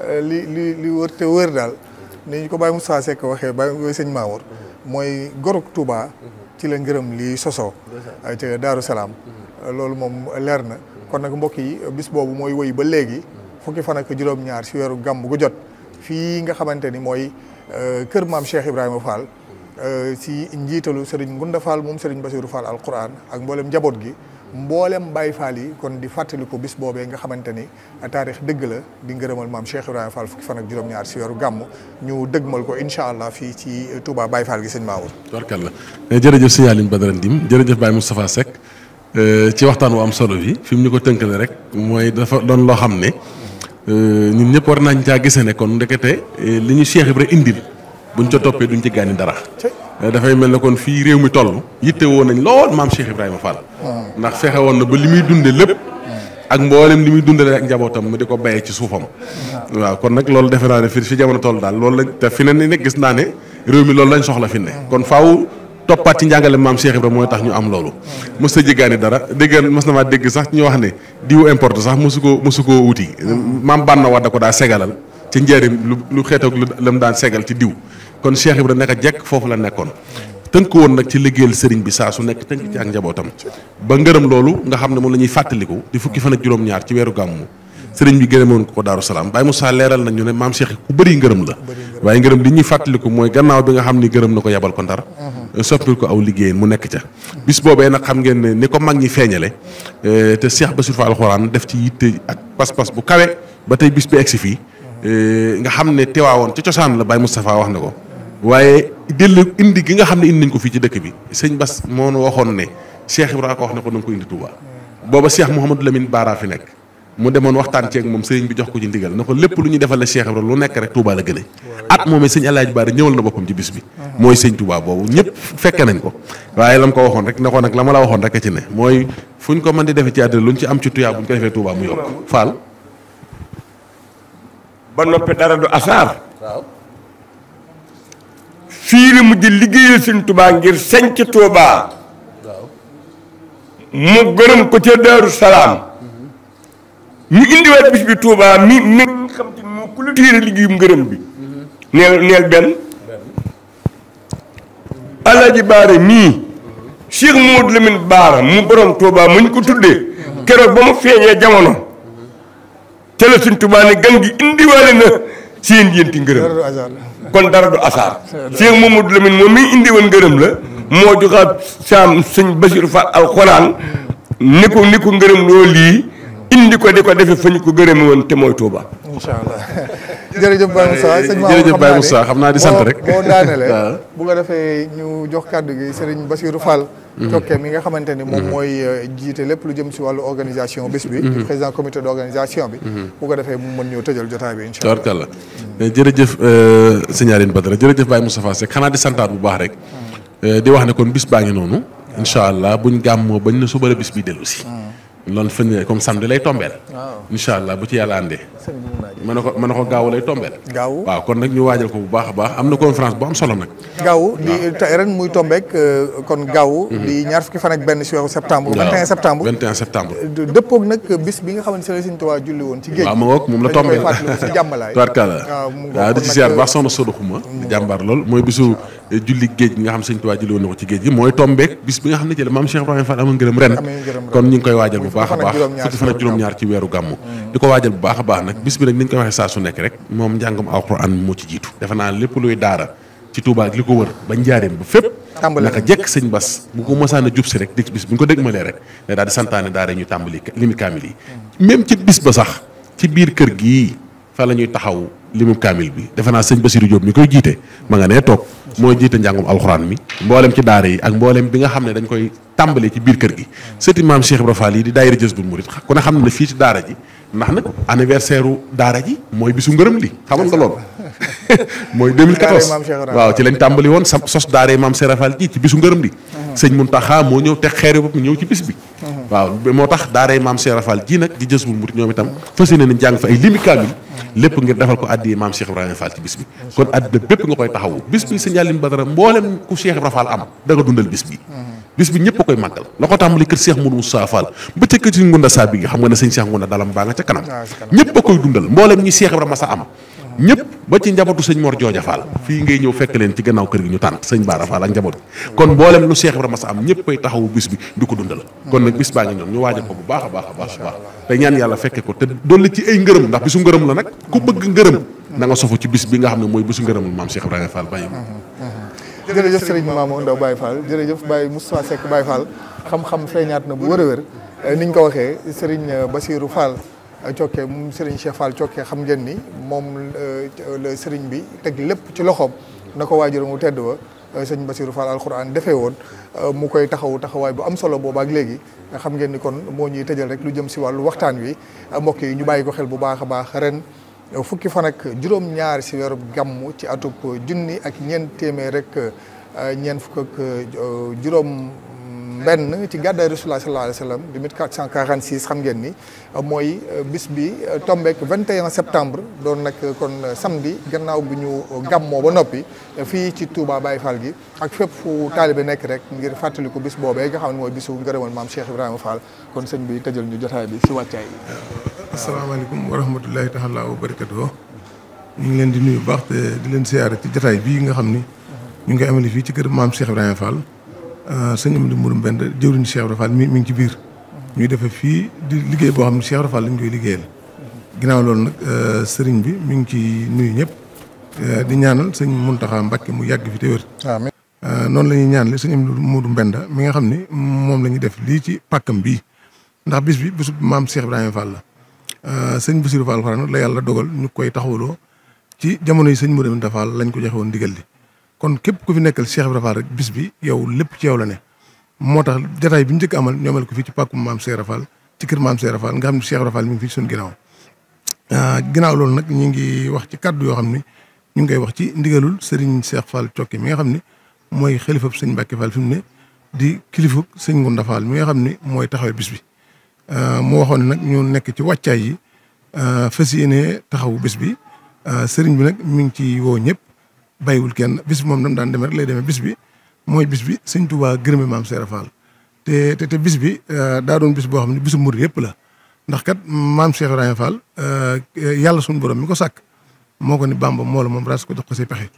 euh, li li li wër te wër daal ni ñu ko Baye Moussa Seck waxee Baye sëñ Mamour mooy gorog Touba. Mhm. ci la ngërëm lii sosoo. ca Daaru Salaam. Mhm. loolu moom leer na. kon nag mbokk yi bis boobu mooy woy ba léegi. Mhm. fukki fan ak juróom-ñaar si weeru gàmm gu jot. fii nga xamante ni mooy euh, kër maam Cheikh Ibrahima Fall. si euh, njiitalu Serigne Ngunda Fall moom Serigne Bassirou Fall alquran ak mboolem njaboot gi. mboolem Baye faal yi kon di fàttali ko bis boobee nga xamante ni taarix dëgg la di ngërëmal maam Cheikh Ibrahima Fall fukki fan ak juróom-ñaar si weeru gàmm ñu dëgmal ko incha allah fii ci Touba Baye Fall gi sëñ Maodo. tubarkalla eh, jërëjëf sëñ Aline Badara Ndim jërëjëf Baye Moustapha Seck eh, ci waxtaan wu am solo bi fi ñu ko tënkale rek mooy dafa doon loo xam ne eh, ñun ñëpp war nañ caa gisee ne kon ndekete li ñu Cheikh Ibrahima indil. bu buñ ca toppee duñ ci gàññi dara. dafay mel ne kon fii réew mi toll yitte woon nañ lool maam Cheikh Ibrahima Fall. Ah. ndax fexe woon na ba li muy dundee lépp. Ah. ak mboolem li muy dundalee ak njabootam mu di ko bayee ci suufam. Ah. waaw kon nag loolu defe fi jamono toll daal loolu lañ te fi ne ni nag gis naa ne réew mi loolu lañ soxla finde ne. kon faaw toppaat ci njàngale maam Cheikh Ibrahima mooy tax ñu am loolu. mos ta jéggaani dara dégg mos na maa dégg sax ñu wax ne diwu importe sax mosu ko mosu koo wuti. maam Banna na da ko daa segalal. ci njëriñ lu lu xeet ak lu lam daan segal ci diw kon seex Cheikh Ibra naka jekk foofu la nekkoon tënk woon nag ci liggéeyal sëriñ bi saa su nekk tënk ci ak njabootam ba ngërëm loolu nga xam ne moom la ñuy fàttaliku di fukki fan juróom-ñaar ci weeru gàmmu sëriñ bi gërëmoon ko ko Daaru Salaam Baye Moussa leeral nañ ñu ne maam Cheikh ku bëri ngërëm la waaye ngërëm li ñuy fàttaliku mooy gannaaw bi nga xam ni gërëm na ko yabal ko ndar mhm. soppil ko aw mu nekk ca bis boobee nag xam ngeen ne ni ko mag ñi feeñale eh, te Cheikh Bassirou Fall alxuraan def ci yitte ak pas-pas bu kawe ba tey bis bi egsi fii Eh, nga xam ne teewaawoon ci cosaan la Baye Moustapha wax na ko waaye dellu indi gi nga xam ne indi nañ ko fii ci dëkk bi sëñ Bas moo waxoon ne Cheikh Ibrahima ko wax ne ko na nga ko indi Touba booba Cheikh Mouhamadou Lamine fi nekk mu demoon waxtaan ceeg moom sëriñ bi jox ko ci ndigal na ko lépp lu ñu defal la Cheikh lu nekk rek Touba la gëne at moomee sëñ Alaaji Baara ñëwal na boppam ci bis bi mooy sëñ Touba boobu ko waaye la mu ko waxoon rek na ko nag la ma la waxoon rek a ci ne mooy fu ñu ko mën di defee ci àddina lu ñu ci am ci tuyaa bu ñu ko defee Touba mu yokk faal ba noppi dara du asaar fii la mujj liggéeyal sëñ tubaa ngir sanc tuubaa mu gërëm ko ca daaru salaam ñu indiwaat bis bi tuubaa mi mi nga xam te moo kulutiire liggéeyum ngërëm bi neel neel benn alaaji baare mii Cheikh Modou Lamine Baara mu borom tuubaa mu ñu ko tuddee keroog ba mu feeñee jamono ca la suñ Tuubaa ne gi indiwaale na seen yéenti ngërëm kon dara du asaar Cheikh Mamadou Lamine moom mi indi woon ngërëm la moo joxaat saam sëñ Basiru Faal alxuraan ni ko ni ko ngërëm loo lii indi ko di ko defe fa ko gërëme woon te mooy Tuubaa incha allah jërëjëf Baye Moussa sëñ Maodo jërëjëf xam naa di sant rek bu ko defee ñu jox kàddu gi Serigne Bassirou Fall mhm. Cokke mi nga xamante ni moom mhm. mooy euh, jiite lépp lu jëm si wàllu organisation bés bi di mhm. président comité bi bu ko defee mu mën ñëw tëjal jotaay bi incha allah tabarkalla euh, jërëjëf euh, sëñ Aline Badara jërëjëf Baye Moustapha Seck xanaa di santaat bu baax rek di wax ne kon bis baa ngi noonu incha allah buñ gàmmoo bañ na suba la bis bi dellu mm. loolu fën comme samedi lay tombeel waaw incha allah bu ci yàlla àndee. mën ko mën na ko gaaw lay tombeel waaw kon nag ñu waajal ko bu baax a baax am na conférence bu am solo nag. gaaw di ren muy tombeek euh, kon gaaw. di mhm. ñaar fukki fan ak benn si weeru septembre. waaw nag bis bi nga xam ne julli woon. ci géej waaw ma ngoog moom la gi mooy tombeek bis bi nga xam ne ci la maam Cheikh Ibrahima Fall amoon ngërëm ren kon ñu ngi koy waajal baax a baax fukki fan ak juróom-ñaar ci weeru gàmmu mm. di ko waajal bu baax a baax nag bis bi nag ni ñu koy waxee saa su nekk rek moom njàngum alquran moo ci jiitu defe naa lépp luy daara ci Touba ak li ko wër ba njaareem Bas bu ko mosaan a jub si rek dig bis bu ko dégmalee rek ne daal di santaane daara ñu tàmbali limu kaamil yi mm. même ci bis biir kër gii fa la ñuy taxaw limu kaamil bi defe naa sëñ Basiru Jóob mi koy jiite ma nga nee toog moo jiite njàngum alxuraan mi mboolem ci daara yi ak mboolem bi nga xam ne dañ koy tàmbali ci biir kër gi sëti maam Cheikh Ibra Fall yi di daayira Jazbul Murid ku a xam ne fii ci daara ji ndax nag anniversaire u daara ji mooy bisu ngërëm li xamoon nga loolu mooy 2014 waaw ci lañ tàmbali woon sa sos daara maam Cheikh Ibra ji ci bisu ngërëm li sëñ mun Muntaxa moo ñëw teg xeer bopp ñëw ci bis bi waaw moo tax daaray maam Cheikh Rafal jii nag di jës bu murit ñoom itam fas yéene nañ jàng fa ay limi kaamil lépp bis bi kon nga koy taxawu bis bi sëñ Aline Badara mboolem ku Cheikh Ibrahima Fall am da nga dundal bis bi bis bi ñëpp a koy màggal la ko tàmbali kër Cheikh Moudou Moussa Fall ba kër ci Ngunda Saa bi nga xam nga ne sëñ Cheikh Ngunda dalam baa nga ca kanam ñëpp a koy dundal mboolem ñi Cheikh Ibrahima Massa am ñëpp ba ci njabootu sëñ Mor Jooja Fall fii ngay ñëw fekk leen ci gannaaw kër gi ñu tànn sëñ Baara Fall ak njaboot bi kon mboolem lu Cheikh Ibra Massa am ñëpp ay taxawu bis bi di ko dundal kon nag bis baa noonu a baax a baax a ko te dolli ci nga sofu ci bis bi nga xam ne mooy bisu ngërëmul maam Cheikh Ibrahima Fall bàyyi jërëjëf sëriñ Mamadou Ndaw Baye Fall xam-xam feeñaat na bu wër a wër eh, ko waxee sëriñ Basirou Fall Cokke mu Serigne Cheikh Fall Cokke xam ngeen ni moom euh, la Serigne bi teg lépp ci loxoom na ko waajuram mu tedd wa euh, sëñ Bassirou Fall alxuraan defee woon euh, mu koy taxawu taxawaay bu am solo boobaak léegi xam ngeen ni kon moo ñuy tëjal rek lu jëm si wàllu waxtaan wi mbokk yi ñu bàyyi ko xel bu baax a baax ren fukki fan ak juróom-ñaar si weeru gàmm ci atub junni ak ñeent téeméer rek ñeent fukk ak juróom benn ci gàddaay Rasulullah sallallahu alayhi wa sallam di 1446 xam ngeen ni euh, mooy euh, bis bi euh, tombeek septembre doon nag kon samedi gannaaw bi ñu gàmmoo ba noppi fii ci Touba baay Fall gi ak fépp fu taalibe nekk rek ngir fàttaliku bis boobee nga xam ne mooy bisu ngërëmal maam Cheikh Ibrahima Fall kon sëñ bi tëjal ñu jotaay bi si wàccaay bi. asalaamaaleykum wa rahmatulahi taala wa barakatuh ñu ngi leen di nuyu baax te di leen siyaare ci jotaay bii nga xam ni. ñu ngi koy ci kër maam Euh, sëñ Amady Mouroum benn jëwriñ Cheikh Rafal mi mi ngi ci biir. ñuy defee fii di liggéey boo xam ne Cheikh Rafal lañ koy liggéeyal. ginnaaw lool nag euh, sëriñ bi mu ngi ci nuyu ñëpp. Euh, di ñaanal sëñ taxa Mbacké mu yàgg fi te wér. noonu la ñuy ñaanale sëñ Amady Mouroum Mbenda mi nga xam ne moom la ñuy def lii ci pàkkam bii. ndax bis bi bisu maam Cheikh Ibrahima Fall la sëñ Bassirou Fall Farana la yàlla dogal ñu koy taxawloo ci jamono yi sëñ mu Mbenda Fall lañ ko joxe woon ndigal li kon képp ku fi nekkal Cheikh Ibra Fall rek bis bi yow lépp ci yow la ne moo tax jataay bi ñu njëkk amal ñoomel ko fii ci pàkkum maam Cheikh Ibra Fall ci kër maam Cheikh Ibra nga xam ne Cheikh Ibra Fall mi ngi fii ci suñu ah, loolu nag ñu ngi wax ci kàddu yoo xam ne ñu ngi koy wax ci ndigalul Serigne Cheikh Fall Cokki mi nga xam ne mooy xalifab sëñ Mbàkke Fall fi mu ne di kilifug sëñ Ngunda mi nga xam ne mooy taxawee bis bi ah, mu waxoon nag ñu nekk ci wàccaay yi ah, fas yéene taxawu bis bi sëriñ bi nag mi ngi ci woo ñëpp bàyyiwul kenn bis moom nam daan demee lay demee bis bi mooy bis bi sëñ Touba gërëme maam Seera Fall te te te bis bi euh, daa doon bis boo xam ne bisu murid yëpp la ndax kat maam Cheikh Ibrahima Fall euh, euh, yàlla suñu borom mi ko sàkk moo ko ni Bamba moo moom ras ko jox ko say pexe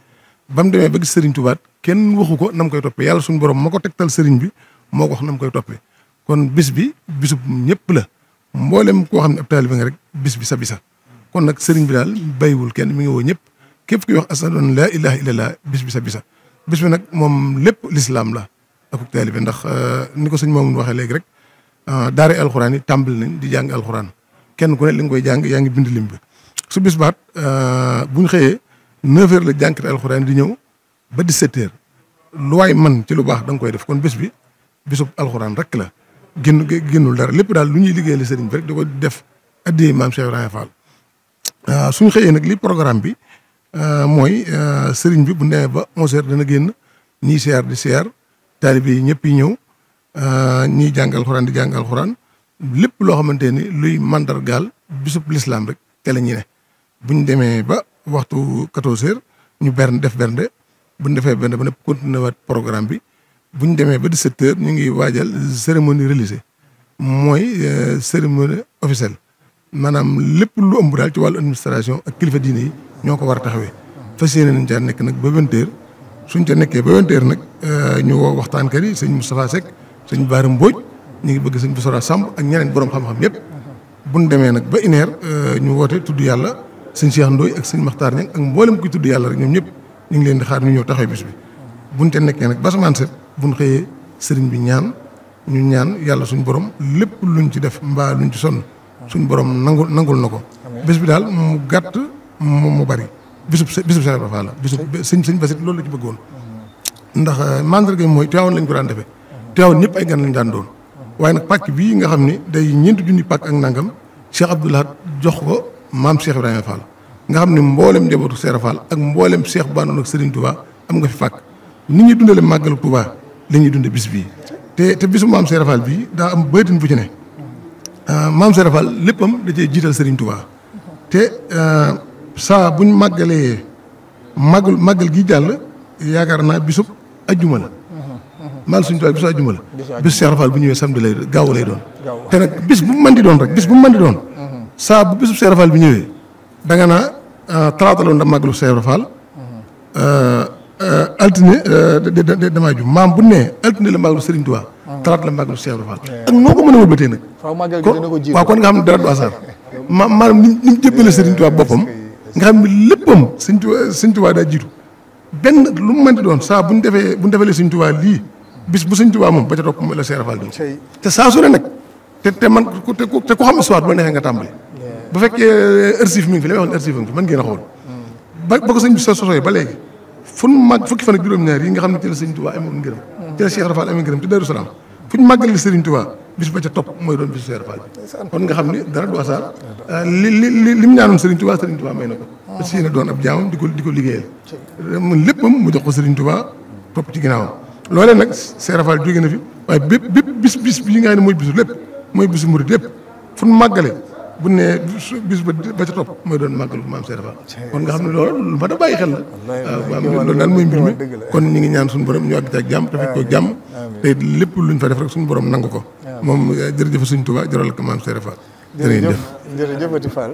ba mu demee ba gis Serigne Touba kenn waxu ko nam koy toppee yàlla suñu borom moo ko tegtal Serigne bi moo ko wax nam koy toppee kon bis bi bisub ñëpp la mboolem koo xam ne ab taalibe nga rek bis bi sa bisa kon nag Serigne bi daal bàyyiwul kenn mi ngi woo ñëpp. képp kuy wax ashadu an laa ilaha illallah bis bi sa bisa bis bi nag moom lépp lislaam la akuk bi ndax euh, ni ko sëñ Mamoun waxee léegi rek euh, daare alxuraan yi tàmbali nañ di jàng alxuraan kenn ku ne li nga koy jàng yaa ngi bind lim bi su bis baat euh, bu ñu xëyee neuf heures la jànkat alxuraan di ñëw ba di sept heures lu waay man ci lu baax da nga koy def kon bés bi bésub alxuraan rek la génn génnul dara lépp daal lu ñuy liggéeyal sëriñ bi rek di ko def addiyee maam Cheikh Ibrahima Fall suñu nag li programme bi Euh, mooy euh, sëriñ bi bu nee ba 11h dana génn ñii seer di seer taalibe yi ñëpp yi ñëw euh, ñii jàngal xuraan di jàngal xuraan lépp loo xamante ni luy mandargaal bisub lislaam rek te la ñu ne buñ demee ba waxtu 14h ñu berne def bernde buñ defee bernde ba nepp continué waat programme bi buñ demee ba 17h ñu ngi waajal cérémonie religieuse mooy cérémonie officielle maanaam lépp lu ëmb daal ci wàllu administration ak kilifa diine yi. ñoo ko war a taxawee fas yéene nañ caa nekk nag ba vingt suñ ca nekkee ba vingt heures nag euh, ñu woo waxtaankat yi sëñ Moustapha Seck sëñ Baara Mbóoj ñu ngi bëgg sëñ Boussora Samb ak ñeneen borom xam-xam yëpp buñ demee nag ba une heure euh, ñu woote tudd yàlla sëñ Cheikh Ndoye ak sëñ Makhtar ak mboolem kuy tudd yàlla rek ñoom ñëpp ñu ngi leen di xaar ñu ñëw taxawee bis bi buñ ca nekkee nag ba samaan set buñ xëyee sëriñ bi ñaan ñu ñaan yàlla suñ borom lépp luñ ci def mbaa luñ ci sonn suñ borom nangul nangul na ko bés bi daal mu gàtt mu bari bisub bisub Cheikh Ibra Fall la bisub sëñ sëñ Basit loolu la ci bëggoon ndax euh, mandarga yi mooy Tiwaawan nañ ko daan defee Tiwaawan ñëpp ay gan daan doon waaye nag pàcc bii nga xam ni day ñeenti junni pàcc ak nangam Cheikh Abdou Lahad jox ko maam Cheikh Ibrahima Fall nga xam ne mboolem njabootu Cheikh Fall ak mboolem Cheikh Banoon ak Serigne Touba am nga fi pàcc nit ñuy dundale màggalu Touba la ñuy dunde bis bii te te bisu maam Cheikh Fall bii daa am baytin bu ci ne euh, maam Cheikh Fall léppam da cee jiital Serigne Touba te euh, saa bu màggalee màggal màggal gi jàll yaakaar naa bisub ajjuma la maal suñu tuwaay bisu ajjuma la bis bu ñëwee samedi lay gaaw lay doon te nag bis bu mën di doon rek bis bu mën doon saa bu bisub Cheikh Rafal bi ñëwee da nga naa euh, talaata la woon da màggalu Cheikh Rafal euh, euh, altine damaa ju maam bu ne altine la màggalu Serigne Touba ak noo ko mën a wëlbatee nag waaw kon nga xam dara du asar ma maanaam ni ñu jëbbale Serigne Touba boppam nga xam ne léppam sëñ Tuubaa sëñ Tuubaa daa jiitu benn lu mu mënti doon saa bu ñu defee bu ñu defalee sëñ Tuubaa lii bis bu sëñ Tuubaa moom ba ca topp la Cheikh Rafal doon te saa su ne nag te te nga tàmbali bu fekkee eh, archive mi ngi fi li may wax ne archive ngi fi mën ngeen a xool mm. ba ba ko sëñ bi sa nga xam ne ci la sëñ Tuubaa amoon ngërëm ci la Cheikh Rafal amoon ngërëm te Daaru Salaam fu bis ba ca topp mooy doon bisu Seer Faal bi kon nga xam ni dara du asaar euh, li li li li mu ñaanoon Serigne Touba na ko parce ah. que yéen a doon ab jaamam di ko di ko liggéeyal euh, mun léppam mu jox ko Serigne Touba topp ci ginnaawam loolee nag fi waaye bépp bépp bis bis bi nga xam ne mooy lépp mooy bisu murid lépp fu mu màggale bu ne bis ba ca topp mooy doon màggalu maam Cheikh Fall kon nga xam ne loolu lu ma da bàyyi xel la ah, waaw loolu daal mooy mbir mi kon ñu ngi ñaan suñ borom ñu àgg ak jàmm dafet ko jàmm te fa def rek suñu borom nangu ko moom eh, jërëjëf suñ Touba la ko maam Cheikh Fall jërëjëf jërëjëfati Fall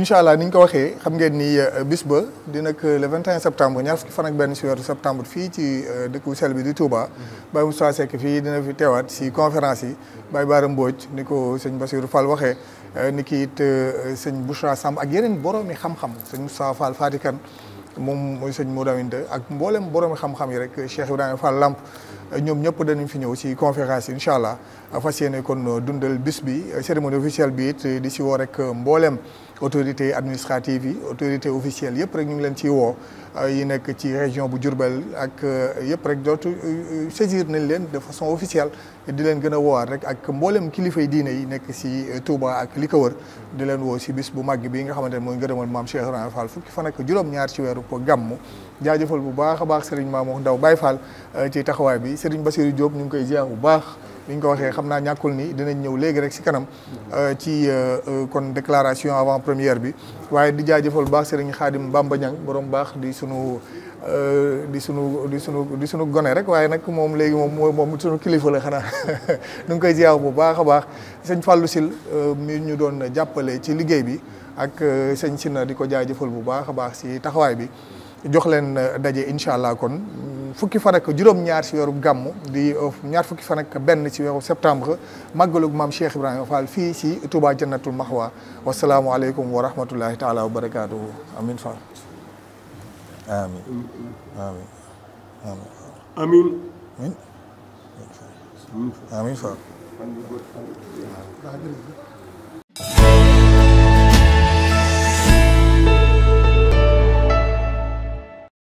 incha allah ni ñu ko waxee xam ngeen ni eh, bis ba dina ko le 21 septembre ñaar fukki fan ak benn si septembre fii ci eh, dëkku sel bi di Touba mm-hmm. Baye Moustapha Seck fii dina fi teewaat si conférence yi Baye Bara Mbodj ni ko sëñ Bassirou Fall waxee Eh, ni ki it eh, sëñ Bouchra Samb ak yeneen boroomi xam-xam sëñ Moustapha Fall Fatikan moom mooy sëñ Modou Aminta ak mboolem boroomi xam-xam yi rek Cheikh Ibrahima Fall Lamp eh, ñoom ñëpp dañu fi ñëw ci conférence yi incha allah fas yéene kon dundal bis bi cérémonie officielle bi it di si woo rek mbooleem autorités administratives yi autorités officielles yëpp rek ñu ngi leen ci woo euh, yi nekk ci région bu Diourbel ak euh, yëpp rek dootu euh, saisir nañ leen de façon officielle di leen gën a woowaat rek ak mboolem kilifay diine yi nekk si Touba ak li ko wër di leen woo si bis bu màgg bi nga xamante ne mooy ngërëmal maam Cheikh Ibrahima Fall fukki fan ak juróom-ñaar ci weeru ko gàmm jaajëfal bu baax a baax Serigne Mamour Ndaw Baye Fall ci taxawaay bi ba Bassirou Diop ñu ngi koy ziar bu baax bi ñu ko waxee xam naa ñàkkul nii dinañ ñëw léegi rek si kanam euh, ci euh, euh, kon déclaration avant première bi waaye di jaajëfal baax Serigne Khadim Bamba Niang borom baax di sunu di sunu di sunu di sunu gone rek waaye nag moom léegi moom mooy moom sunu kilifa la xanaa nu ngi koy ziyaar bu baax a baax sëñ fàllu Sil mi ñu doon jàppale ci liggéey bi ak sëñ na di ko jaajëfal bu baax a baax si taxawaay bi jox leen euh, daje incha allah kon fukki fan ak juróom-ñaar ci weeru gàmmu di euh, ñaar fukki fan ak benn ci weeru septembre màggalug maam Cheikh Ibrahima Fall fii ci Touba Jannatul Mahwa wasalaamualeykum wa rahmatullahi taala wa barakaatuhu amin Fall